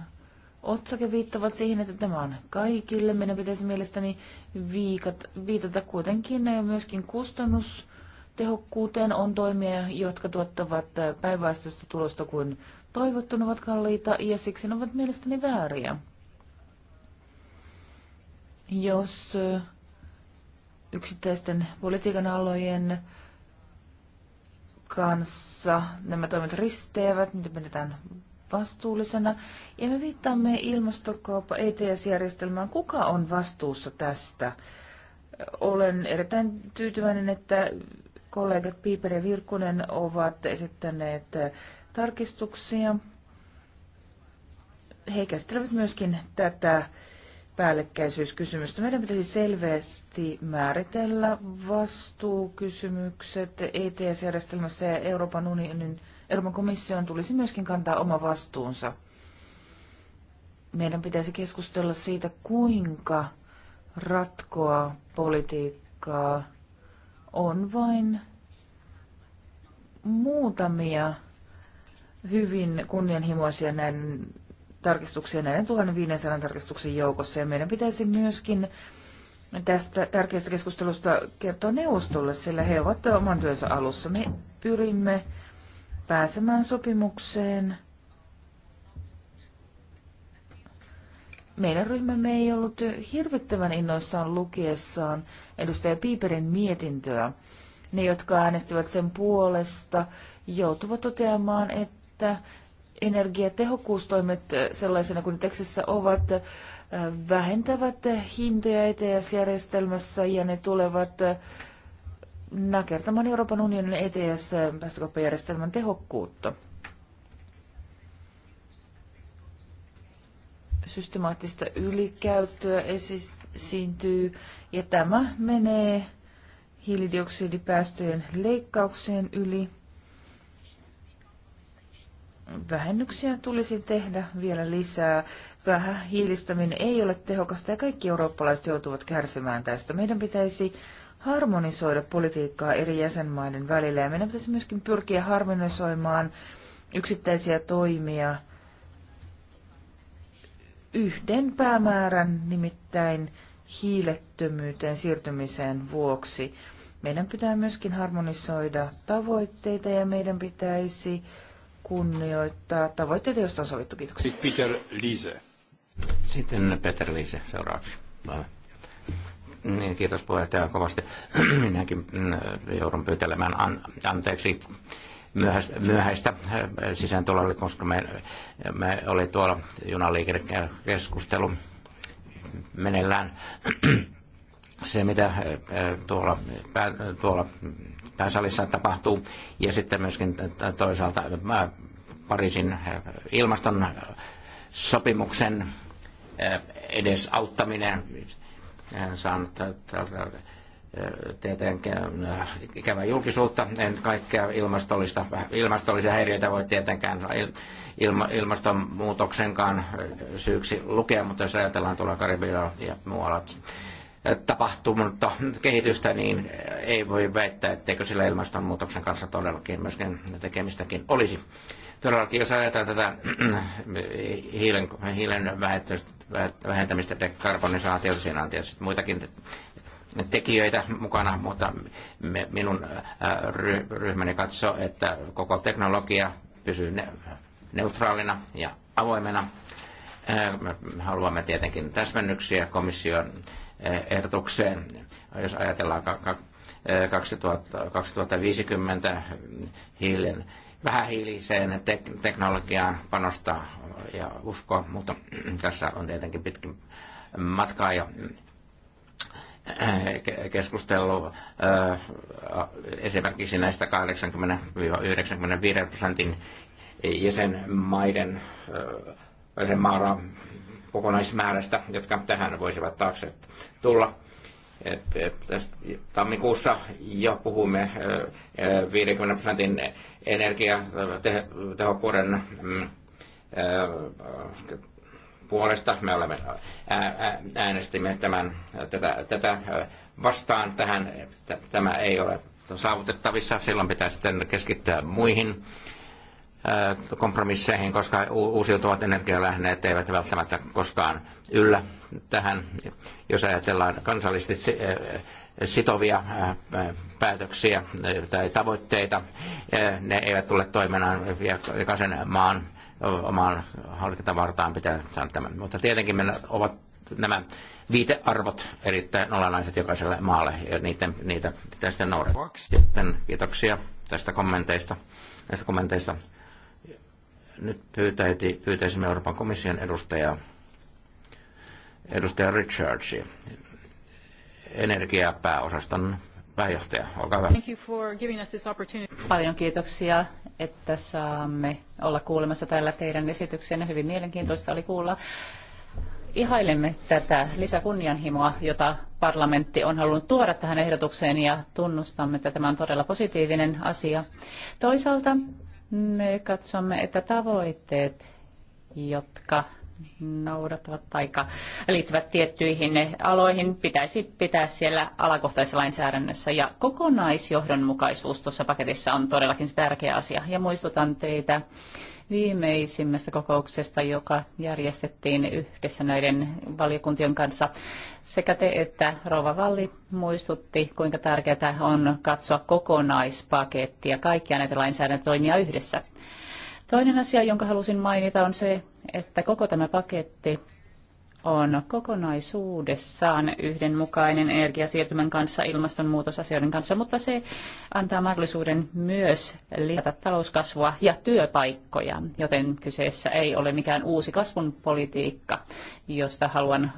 A: otsake viittavat siihen, että tämä on kaikille. Meidän pitäisi mielestäni viikata, viitata kuitenkin myöskin kustannustehokkuuteen. On toimia, jotka tuottavat päinvastaista tulosta kuin toivottuna ovat kalliita ja siksi ne ovat mielestäni vääriä. Jos yksittäisten politiikan alojen kanssa nämä toimet risteävät, niitä menetään vastuullisena. Ja me viittaamme ilmastokauppa ETS-järjestelmään. Kuka on vastuussa tästä? Olen erittäin tyytyväinen, että kollegat Piiper ja Virkunen ovat esittäneet tarkistuksia. He käsittelevät myöskin tätä päällekkäisyyskysymystä. Meidän pitäisi selvästi määritellä vastuukysymykset ETS-järjestelmässä ja Euroopan unionin Euroopan komission tulisi myöskin kantaa oma vastuunsa. Meidän pitäisi keskustella siitä, kuinka ratkoa politiikkaa on vain muutamia hyvin kunnianhimoisia näin tarkistuksia näiden 1500 tarkistuksen joukossa. Ja meidän pitäisi myöskin tästä tärkeästä keskustelusta kertoa neuvostolle, sillä he ovat oman työnsä alussa. Me pyrimme pääsemään sopimukseen. Meidän ryhmämme ei ollut hirvittävän innoissaan lukiessaan edustaja Piiperin mietintöä. Ne, jotka äänestivät sen puolesta, joutuvat toteamaan, että energiatehokkuustoimet eh, sellaisena kuin tekstissä ovat, eh, vähentävät hintoja ETS-järjestelmässä ja ne tulevat eh, nakertamaan Euroopan unionin ETS-päästökauppajärjestelmän tehokkuutta. Systemaattista ylikäyttöä esiintyy ja tämä menee hiilidioksidipäästöjen leikkaukseen yli vähennyksiä tulisi tehdä vielä lisää. Vähän hiilistäminen ei ole tehokasta ja kaikki eurooppalaiset joutuvat kärsimään tästä. Meidän pitäisi harmonisoida politiikkaa eri jäsenmaiden välillä ja meidän pitäisi myöskin pyrkiä harmonisoimaan yksittäisiä toimia yhden päämäärän, nimittäin hiilettömyyteen siirtymiseen vuoksi. Meidän pitää myöskin harmonisoida tavoitteita ja meidän pitäisi äh, kunnioittaa tavoitteita, joista on sovittu. Kiitoksia.
B: Sitten Peter Liese. Sitten Peter Liise seuraavaksi. Niin, kiitos puheenjohtaja kovasti. *clears throat* Minäkin mm, joudun pyytelemään an- anteeksi myöhäistä, myöhäistä äh, sisääntulolle, koska me, me oli tuolla junaliikennekeskustelu meneillään. *clears throat* Se, mitä äh, tuolla, tuolla tai salissa tapahtuu. Ja sitten myöskin toisaalta äh, Pariisin äh, ilmaston sopimuksen äh, edes auttaminen. En saanut tältä tietenkään ikävää julkisuutta. En kaikkea ilmastollista, ilmastollisia häiriöitä voi tietenkään ilma, ilmastonmuutoksenkaan syyksi lukea, mutta jos ajatellaan tuolla Karibialla ja muualla tapahtunutta kehitystä, niin ei voi väittää, etteikö sillä ilmastonmuutoksen kanssa todellakin myöskin tekemistäkin olisi. Todellakin, jos ajatellaan tätä *clears throat* hiilen, hiilen vähentämistä, dekarbonisaatiota, siinä on tietysti muitakin tekijöitä mukana, mutta me, minun äh, ryhmäni katsoo, että koko teknologia pysyy ne, neutraalina ja avoimena. Äh, me haluamme tietenkin täsmennyksiä komission ehdotukseen. Jos ajatellaan 2050 eh, hiilen vähähiiliseen teknologiaan panostaa ja uskoa, mutta *clears throat* tässä on tietenkin pitkin matkaa ja keskustelu eh, esimerkiksi näistä 80-95 prosentin jäsenmaiden eh, jäsenmaara kokonaismäärästä, jotka tähän voisivat taakse tulla. Tammikuussa jo puhumme 50 prosentin energiatehokkuuden mm, puolesta. Me olemme äänestimme tämän, tätä, tätä vastaan. Tähän, tämä ei ole saavutettavissa. Silloin pitää sitten keskittyä muihin kompromisseihin, koska uusiutuvat energialähteet eivät välttämättä koskaan yllä tähän, jos ajatellaan kansallisesti sitovia päätöksiä tai tavoitteita. Ne eivät tule toimenaan jokaisen maan omaan harkintavartaan pitää saada tämän. Mutta tietenkin me ovat nämä viitearvot erittäin olennaiset jokaiselle maalle ja niitä, niitä pitää sitten noudattaa. Sitten kiitoksia tästä kommenteista, näistä kommenteista. Nyt pyytäisi, pyytäisimme Euroopan komission edustajaa, edustaja Richardsia, energiapääosaston pääjohtaja. Olkaa hyvä.
C: Thank you for giving us this opportunity. Paljon kiitoksia, että saamme olla kuulemassa täällä teidän esityksenne. Hyvin mielenkiintoista oli kuulla. Ihailemme tätä lisäkunnianhimoa, jota parlamentti on halunnut tuoda tähän ehdotukseen ja tunnustamme, että tämä on todella positiivinen asia. Toisaalta me katsomme, että tavoitteet, jotka noudattavat tai liittyvät tiettyihin aloihin, pitäisi pitää siellä alakohtaisessa lainsäädännössä. Ja kokonaisjohdonmukaisuus tuossa paketissa on todellakin se tärkeä asia. Ja muistutan teitä viimeisimmästä kokouksesta, joka järjestettiin yhdessä näiden valiokuntien kanssa. Sekä te että Rova Valli muistutti, kuinka tärkeää on katsoa kokonaispakettia, kaikkia näitä lainsäädäntötoimia yhdessä. Toinen asia, jonka halusin mainita, on se, että koko tämä paketti on kokonaisuudessaan yhdenmukainen energiasiirtymän kanssa, ilmastonmuutosasioiden kanssa, mutta se antaa mahdollisuuden myös lisätä talouskasvua ja työpaikkoja, joten kyseessä ei ole mikään uusi kasvun politiikka, josta haluan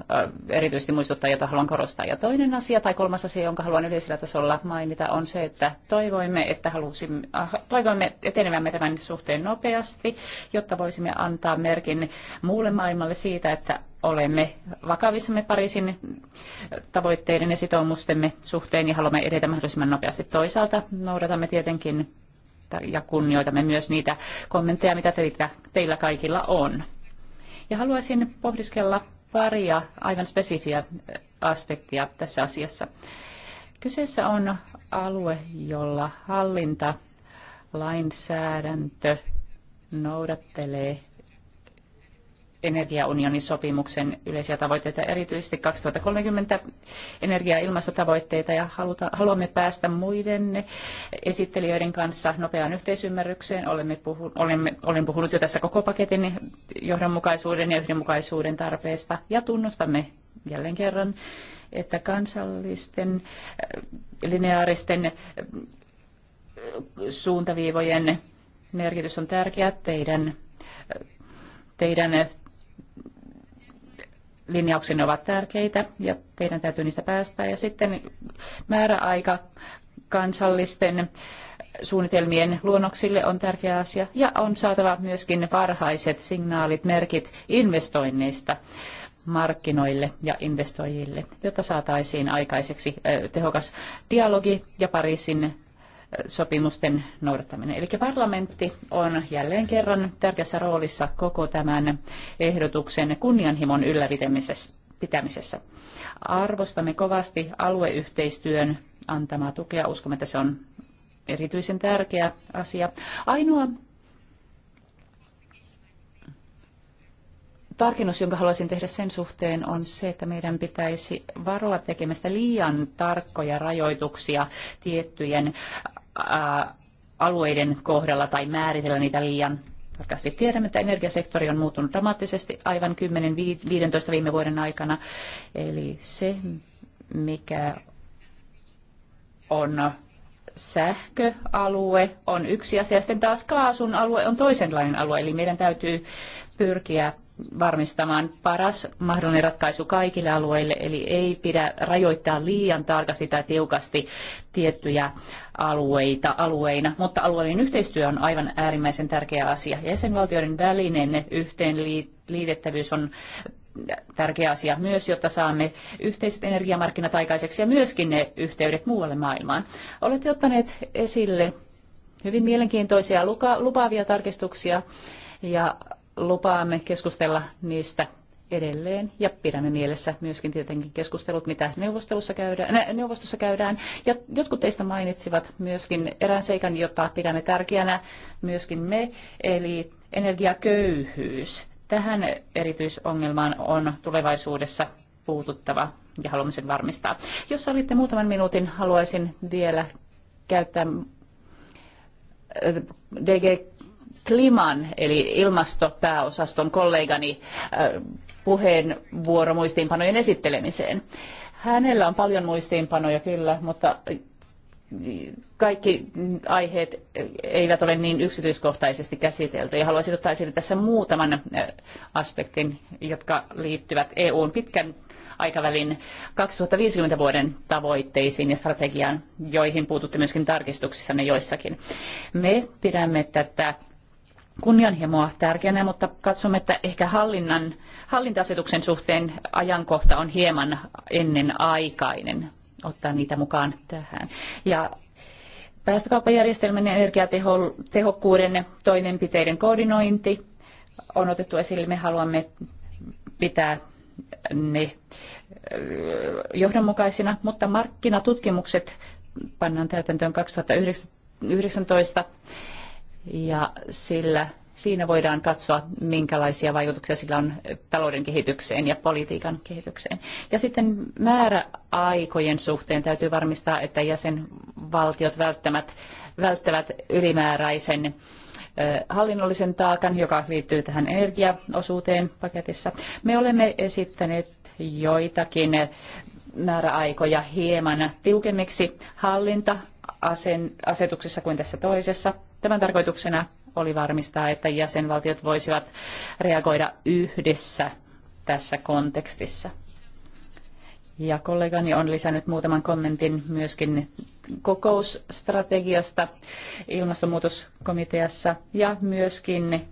C: erityisesti muistuttaa, jota haluan korostaa. Ja toinen asia tai kolmas asia, jonka haluan yleisellä tasolla mainita, on se, että toivoimme, että halusimme, äh, toivoimme etenevämme tämän suhteen nopeasti, jotta voisimme antaa merkin muulle maailmalle siitä, että olemme vakavissamme Pariisin tavoitteiden ja sitoumustemme suhteen ja haluamme edetä mahdollisimman nopeasti. Toisaalta noudatamme tietenkin ja kunnioitamme myös niitä kommentteja, mitä teillä kaikilla on ja haluaisin pohdiskella paria aivan spesifiä aspektia tässä asiassa. Kyseessä on alue, jolla hallinta, lainsäädäntö noudattelee energiaunionin sopimuksen yleisiä tavoitteita, erityisesti 2030 energia- ja ilmastotavoitteita, ja haluta, haluamme päästä muiden esittelijöiden kanssa nopeaan yhteisymmärrykseen. Olemme puhu, olemme, olen puhunut jo tässä koko paketin johdonmukaisuuden ja yhdenmukaisuuden tarpeesta, ja tunnustamme jälleen kerran, että kansallisten äh, lineaaristen äh, suuntaviivojen merkitys on tärkeä teidän äh, teidän linjauksenne ovat tärkeitä ja teidän täytyy niistä päästä. Ja sitten määräaika kansallisten suunnitelmien luonnoksille on tärkeä asia ja on saatava myöskin varhaiset signaalit, merkit investoinneista markkinoille ja investoijille, jotta saataisiin aikaiseksi tehokas dialogi ja Pariisin sopimusten noudattaminen. Eli parlamentti on jälleen kerran tärkeässä roolissa koko tämän ehdotuksen kunnianhimon ylläpitämisessä. Arvostamme kovasti alueyhteistyön antamaa tukea. Uskomme, että se on erityisen tärkeä asia. Ainoa tarkennus, jonka haluaisin tehdä sen suhteen, on se, että meidän pitäisi varoa tekemästä liian tarkkoja rajoituksia tiettyjen Äh, alueiden kohdalla tai määritellä niitä liian tarkasti. Tiedämme, että energiasektori on muuttunut dramaattisesti aivan 10-15 viime vuoden aikana. Eli se, mikä on sähköalue on yksi asia, sitten taas kaasun alue on toisenlainen alue, eli meidän täytyy pyrkiä varmistamaan paras mahdollinen ratkaisu kaikille alueille, eli ei pidä rajoittaa liian tarkasti tai tiukasti tiettyjä alueita alueina, mutta alueellinen yhteistyö on aivan äärimmäisen tärkeä asia. Jäsenvaltioiden välinen yhteenliitettävyys on tärkeä asia myös, jotta saamme yhteiset energiamarkkinat aikaiseksi ja myöskin ne yhteydet muualle maailmaan. Olette ottaneet esille hyvin mielenkiintoisia lupaavia tarkistuksia ja lupaamme keskustella niistä edelleen ja pidämme mielessä myöskin tietenkin keskustelut, mitä neuvostelussa käydään, neuvostossa käydään. Ja jotkut teistä mainitsivat myöskin erään seikan, jota pidämme tärkeänä myöskin me, eli energiaköyhyys. Tähän erityisongelmaan on tulevaisuudessa puututtava ja haluamme sen varmistaa. Jos olitte muutaman minuutin, haluaisin vielä käyttää äh, DG Kliman eli ilmastopääosaston kollegani äh, puheenvuoro muistiinpanojen esittelemiseen. Hänellä on paljon muistiinpanoja kyllä, mutta kaikki aiheet eivät ole niin yksityiskohtaisesti käsitelty. Ja haluaisin ottaa esille tässä muutaman äh, aspektin, jotka liittyvät EUn pitkän aikavälin 2050 vuoden tavoitteisiin ja strategiaan, joihin puututte myöskin tarkistuksissanne joissakin. Me pidämme tätä kunnianhimoa tärkeänä, mutta katsomme, että ehkä hallinnan, hallintasetuksen suhteen ajankohta on hieman ennenaikainen ottaa niitä mukaan tähän. Ja päästökauppajärjestelmän ja energiatehokkuuden toimenpiteiden koordinointi on otettu esille. Me haluamme pitää ne johdonmukaisina, mutta markkinatutkimukset pannaan täytäntöön 2019 ja sillä siinä voidaan katsoa, minkälaisia vaikutuksia sillä on talouden kehitykseen ja politiikan kehitykseen. Ja sitten määräaikojen suhteen täytyy varmistaa, että jäsenvaltiot välttämät, välttävät ylimääräisen hallinnollisen taakan, joka liittyy tähän energiaosuuteen paketissa. Me olemme esittäneet joitakin määräaikoja hieman tiukemmiksi hallinta asetuksessa kuin tässä toisessa Tämän tarkoituksena oli varmistaa, että jäsenvaltiot voisivat reagoida yhdessä tässä kontekstissa. Ja kollegani on lisännyt muutaman kommentin myöskin kokousstrategiasta ilmastonmuutoskomiteassa ja myöskin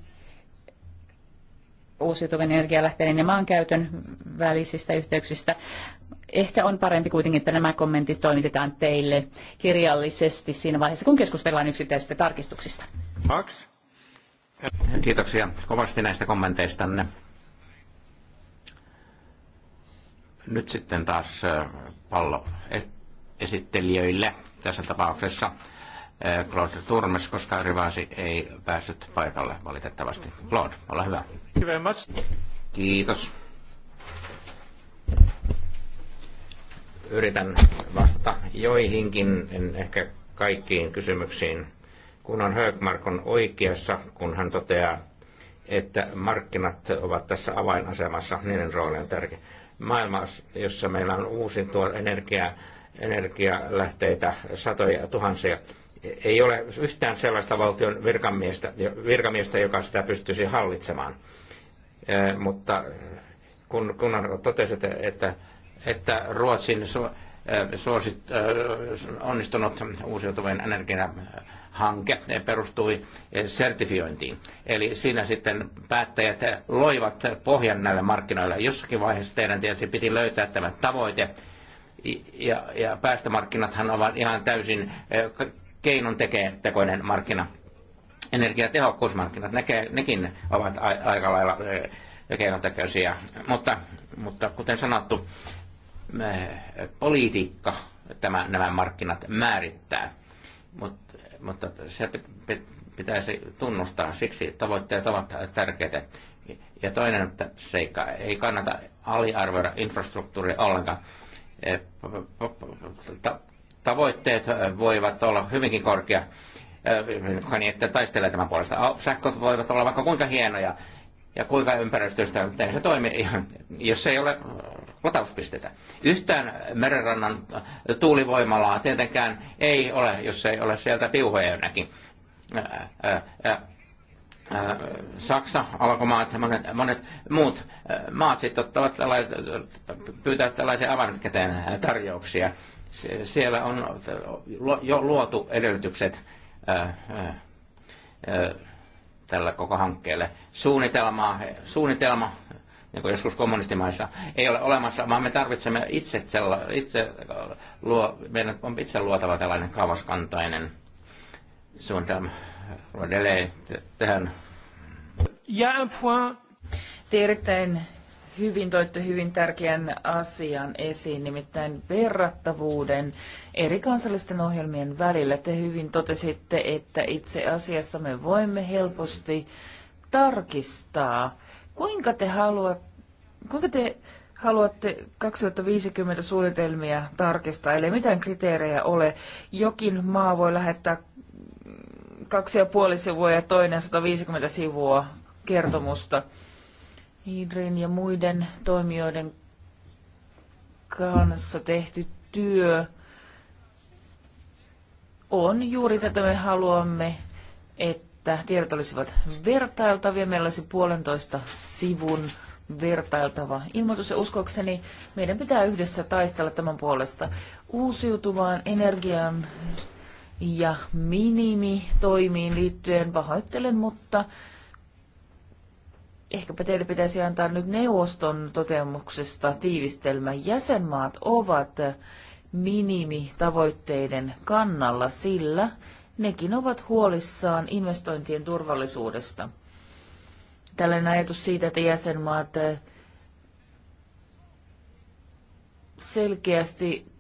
C: uusiutuvien energialähteiden ja maankäytön välisistä yhteyksistä ehkä on parempi kuitenkin, että nämä kommentit toimitetaan teille kirjallisesti siinä vaiheessa, kun keskustellaan yksittäisistä tarkistuksista. Max?
B: Kiitoksia kovasti näistä kommenteistanne. Nyt sitten taas pallo e- esittelijöille tässä tapauksessa. Claude Turmes, koska Rivasi ei päässyt paikalle valitettavasti. Claude, ole hyvä. Kiitos. Yritän vastata joihinkin, en ehkä kaikkiin kysymyksiin, kunhan Högmark on oikeassa, kun hän toteaa, että markkinat ovat tässä avainasemassa, niiden rooli on tärkeä. Maailmassa, jossa meillä on uusin tuo energia, energialähteitä satoja tuhansia, ei ole yhtään sellaista valtion virkamiestä, virkamiestä joka sitä pystyisi hallitsemaan. E, mutta kun, kun totesit, että, että että Ruotsin äh, suosit, äh, onnistunut uusiutuvien energiahanke perustui sertifiointiin. Eli siinä sitten päättäjät loivat pohjan näille markkinoille. Jossakin vaiheessa teidän tietysti piti löytää tämä tavoite. Ja, ja päästömarkkinathan ovat ihan täysin äh, keinon tekoinen markkina. Energiatehokkuusmarkkinat, ne, nekin ovat aika lailla keinotekoisia. Mutta, mutta kuten sanottu, Äh, politiikka tämä, nämä markkinat määrittää. Mut, mutta se pitäisi tunnustaa, siksi tavoitteet ovat tärkeitä. Ja toinen seikka, ei kannata aliarvoida infrastruktuuria ollenkaan. Äh, tavoitteet voivat olla hyvinkin korkea, niin että taistelee tämän puolesta. Sähköt voivat olla vaikka kuinka hienoja, ja kuinka ympäristöstä, miten se toimii, jos ei ole latauspistettä. Yhtään merenrannan tuulivoimalaa tietenkään ei ole, jos ei ole sieltä piuhoja jonnekin. Saksa, Alkomaat, monet, monet muut maat sitten ottavat pyytävät tällaisia avainkäteen tarjouksia. Siellä on jo luotu edellytykset tällä koko hankkeelle. Suunnitelmaa, suunnitelma, niin kuin joskus kommunistimaissa, ei ole olemassa, vaan me tarvitsemme itse, sella, itse luo, meidän on itse luotava tällainen kavaskantainen suunnitelma. Rodele, tähän.
A: Ja point. Erittäin hyvin toitte hyvin tärkeän asian esiin, nimittäin verrattavuuden eri kansallisten ohjelmien välillä. Te hyvin totesitte, että itse asiassa me voimme helposti tarkistaa, kuinka te, haluat, kuinka te haluatte 2050 suunnitelmia tarkistaa, eli mitään kriteerejä ole. Jokin maa voi lähettää kaksi ja puoli sivua ja toinen 150 sivua kertomusta. Hidrin ja muiden toimijoiden kanssa tehty työ on juuri tätä me haluamme, että tiedot olisivat vertailtavia. Meillä olisi puolentoista sivun vertailtava ilmoitus ja uskokseni meidän pitää yhdessä taistella tämän puolesta uusiutuvaan energian ja minimitoimiin liittyen pahoittelen, mutta ehkäpä teille pitäisi antaa nyt neuvoston toteamuksesta tiivistelmä. Jäsenmaat ovat minimitavoitteiden kannalla, sillä nekin ovat huolissaan investointien turvallisuudesta. Tällainen ajatus siitä, että jäsenmaat eh, selkeästi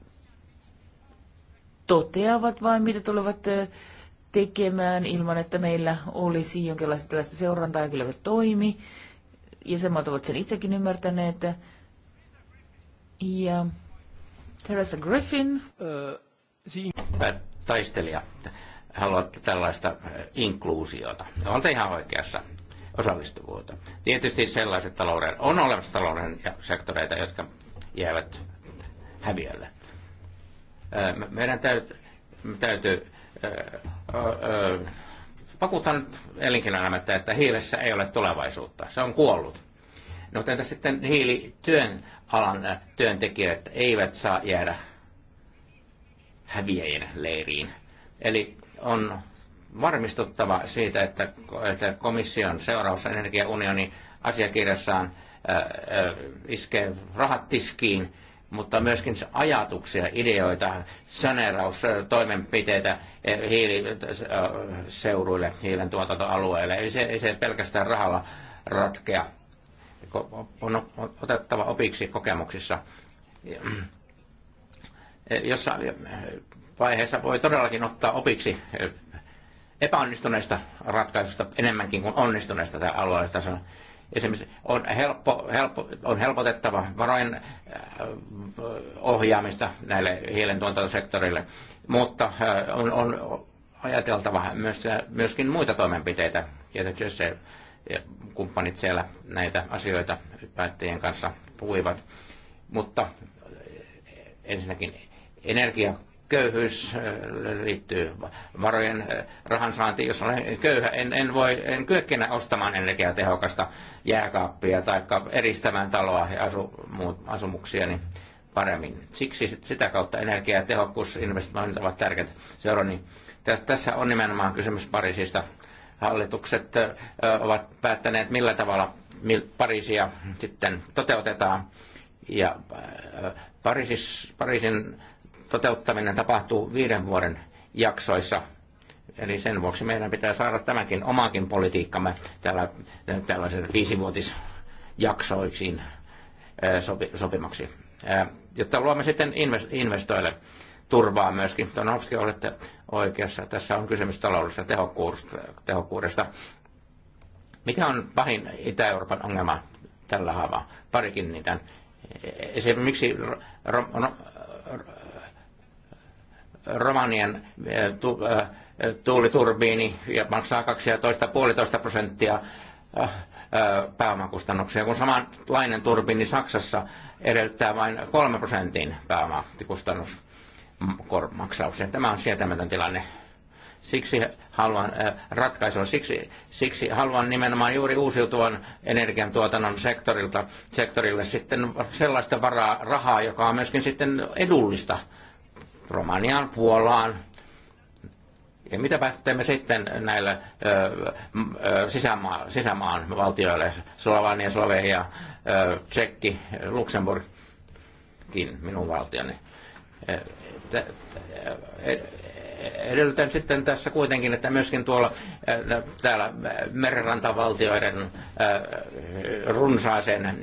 A: toteavat vain, mitä tulevat eh, tekemään ilman, että meillä olisi jonkinlaista tällaista seurantaa, kyllä se toimi. Jäsenmaat ovat sen itsekin ymmärtäneet. Ja Teresa Griffin.
B: Uh, taistelija. Haluatte tällaista inkluusiota. Olette ihan oikeassa osallistuvuutta. Tietysti sellaiset talouden, on olemassa talouden sektoreita, jotka jäävät häviölle. Meidän täytyy, täytyy vakuuttanut elinkeinoelämättä, että hiilessä ei ole tulevaisuutta. Se on kuollut. No entä sitten hiilityön alan työntekijät eivät saa jäädä häviäjien leiriin. Eli on varmistuttava siitä, että komission seuraavassa energiaunionin asiakirjassaan iskee rahat tiskiin mutta myöskin ajatuksia, ideoita, saneeraus, toimenpiteitä e, hiiliseuduille, hiilen tuotantoalueille. Ei se, ei se pelkästään rahalla ratkea. On otettava opiksi kokemuksissa. E, jossa e, vaiheessa voi todellakin ottaa opiksi epäonnistuneista ratkaisusta enemmänkin kuin onnistuneista tällä alueella tasolla Esimerkiksi on, helppo, helppo, on helpotettava varojen äh, ohjaamista näille hiilentuotantosektorille, mutta äh, on, on ajateltava myös, äh, myöskin muita toimenpiteitä. Tietysti se kumppanit siellä näitä asioita päättäjien kanssa puhuivat. Mutta ensinnäkin energia köyhyys äh, liittyy varojen äh, rahansaantiin. Jos olen köyhä, en, en, voi, en kyökkinä ostamaan energiatehokasta jääkaappia tai eristämään taloa ja asu, muut, asumuksiani niin paremmin. Siksi sitä kautta energiatehokkuusinvestoinnit ovat tärkeitä. Seuraani, niin tässä on nimenomaan kysymys Pariisista. Hallitukset äh, ovat päättäneet, millä tavalla Pariisia sitten toteutetaan. Ja Pariisis, Pariisin toteuttaminen tapahtuu viiden vuoden jaksoissa. Eli sen vuoksi meidän pitää saada tämäkin omaakin politiikkamme tällä, tällaisen viisivuotisjaksoiksiin sopi, sopimaksi. Jotta luomme sitten investoille turvaa myöskin. Tonovski, olette oikeassa. Tässä on kysymys taloudellisesta tehokkuudesta. tehokkuudesta. Mikä on pahin Itä-Euroopan ongelma tällä haavaa? Parikin niitä. E-, e-, esimerkiksi no, Romanian eh, eh, tuuliturbiini ja maksaa 12,5 prosenttia eh, pääomakustannuksia, kun samanlainen turbiini Saksassa edellyttää vain 3 prosentin pääomakustannusmaksauksia. Tämä on sietämätön tilanne. Siksi haluan ratkaisua, siksi, siksi haluan nimenomaan juuri uusiutuvan energiantuotannon sektorilta, sektorille sitten sellaista varaa, rahaa, joka on myöskin sitten edullista Romaniaan, Puolaan. Ja mitä päättämme sitten näille ö, ö, sisämaa, sisämaan valtioille, Slovania, Slovenia, ö, Tsekki, Luxemburgkin, minun valtioni. Edellytän sitten tässä kuitenkin, että myöskin tuolla täällä merenrantavaltioiden runsaaseen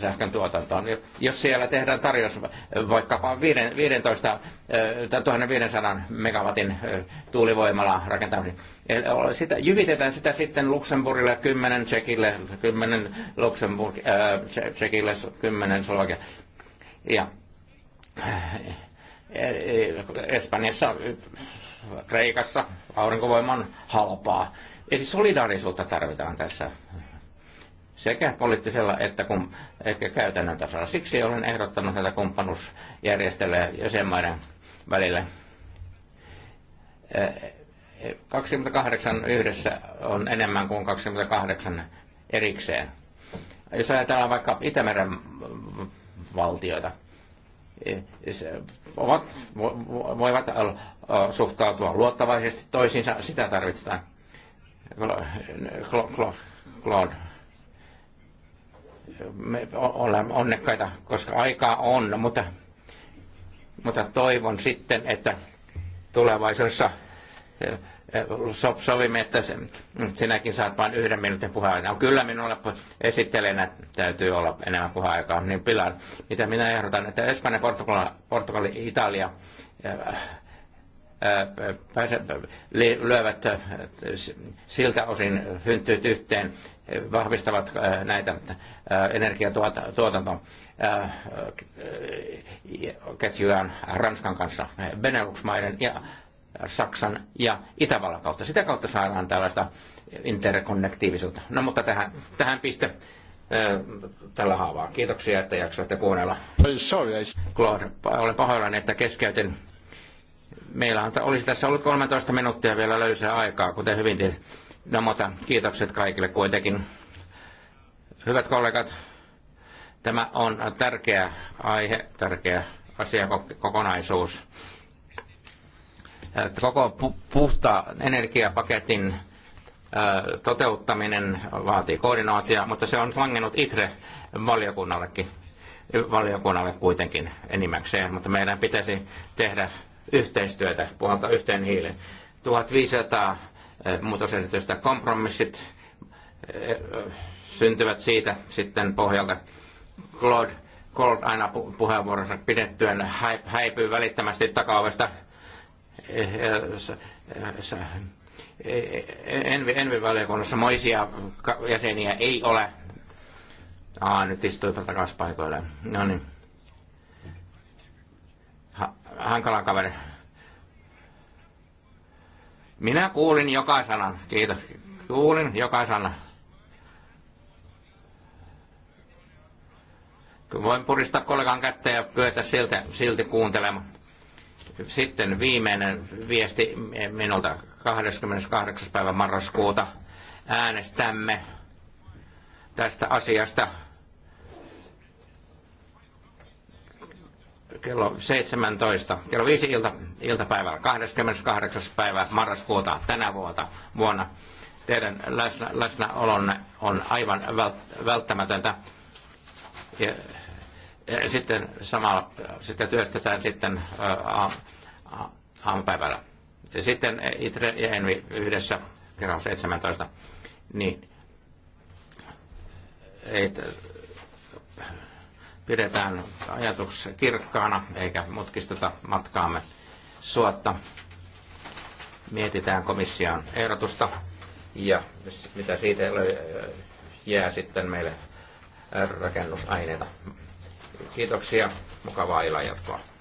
B: sähkön tuotantoon. Jos siellä tehdään tarjous vaikkapa 15 eh, tai 1500 megawatin eh, tuulivoimala rakentaminen, eh, sitä, jyvitetään sitä sitten Luxemburgille 10 Tsekille, 10 Luxemburg, äh, Tsekille 10 Slovakia. Ja Espanjassa, Kreikassa aurinkovoima on halpaa. Eli solidaarisuutta tarvitaan tässä sekä poliittisella että, kun, että käytännön tasolla. Siksi olen ehdottanut tätä kumppanuusjärjestelyä jäsenmaiden välillä. Eh, 28 yhdessä on enemmän kuin 28 erikseen. Jos ajatellaan vaikka Itämeren valtioita, eh, ovat, voivat eh, suhtautua luottavaisesti toisiinsa, sitä tarvitaan. Claude me olemme onnekkaita, koska aikaa on, mutta, mutta toivon sitten, että tulevaisuudessa eh, eh, sovimme, että sinäkin saat vain yhden minuutin puheaikaa. No kyllä minulle esittelenä täytyy olla enemmän puheaikaa, niin pilaan. mitä minä ehdotan, että Espanja, Portugali, Portugali Italia eh, pääse, lyövät äh, siltä osin hynttyyt yhteen, vahvistavat äh, näitä äh, energiatuotantoketjujaan Ranskan kanssa, Benelux-maiden ja Saksan ja Itävallan kautta. Sitä kautta saadaan tällaista interkonnektiivisuutta. No mutta tähän, tähän piste tällä haavaa. Kiitoksia, että jaksoitte kuunnella. Sorry, I... Claude, olen pahoillani, että keskeytin on, olisi tässä ollut 13 minuuttia vielä löysää aikaa, kuten hyvin te. No mutta kiitokset kaikille kuitenkin. Hyvät kollegat, tämä on tärkeä aihe, tärkeä asiakokonaisuus. Äh, koko puhta energiapaketin äh, toteuttaminen vaatii koordinaatia, mutta se on langennut itse valiokunnallekin valiokunnalle kuitenkin enimmäkseen, mutta meidän pitäisi tehdä yhteistyötä, puhalta yhteen hiilen. 1500 eh, muutosesitystä kompromissit eh, eh, syntyvät siitä sitten pohjalta. Claude, Claude aina puheenvuoronsa pidettyään häipyy välittömästi takaovesta Envi-valiokunnassa moisia jäseniä ei ole. Aa, nyt istuipa takaisin paikoilleen. No niin hankalan kaverin. Minä kuulin joka sanan, kiitos. Kuulin joka sanan. Voin puristaa kollegan kättä ja pyötä silti, silti kuuntelemaan. Sitten viimeinen viesti minulta 28. päivä marraskuuta. Äänestämme tästä asiasta kello 17, kello 5 ilta, iltapäivällä, 28. päivä marraskuuta tänä vuota, vuonna. Teidän läsnä, läsnäolonne on aivan vält, välttämätöntä. Ja, ja sitten samalla sitten työstetään sitten aamupäivällä. Ja sitten Itre ja Envi yhdessä kello 17. Niin, ei, pidetään ajatus kirkkaana eikä mutkisteta matkaamme suotta. Mietitään komission ehdotusta ja mitä siitä jää sitten meille rakennusaineita. Kiitoksia, mukavaa illanjatkoa.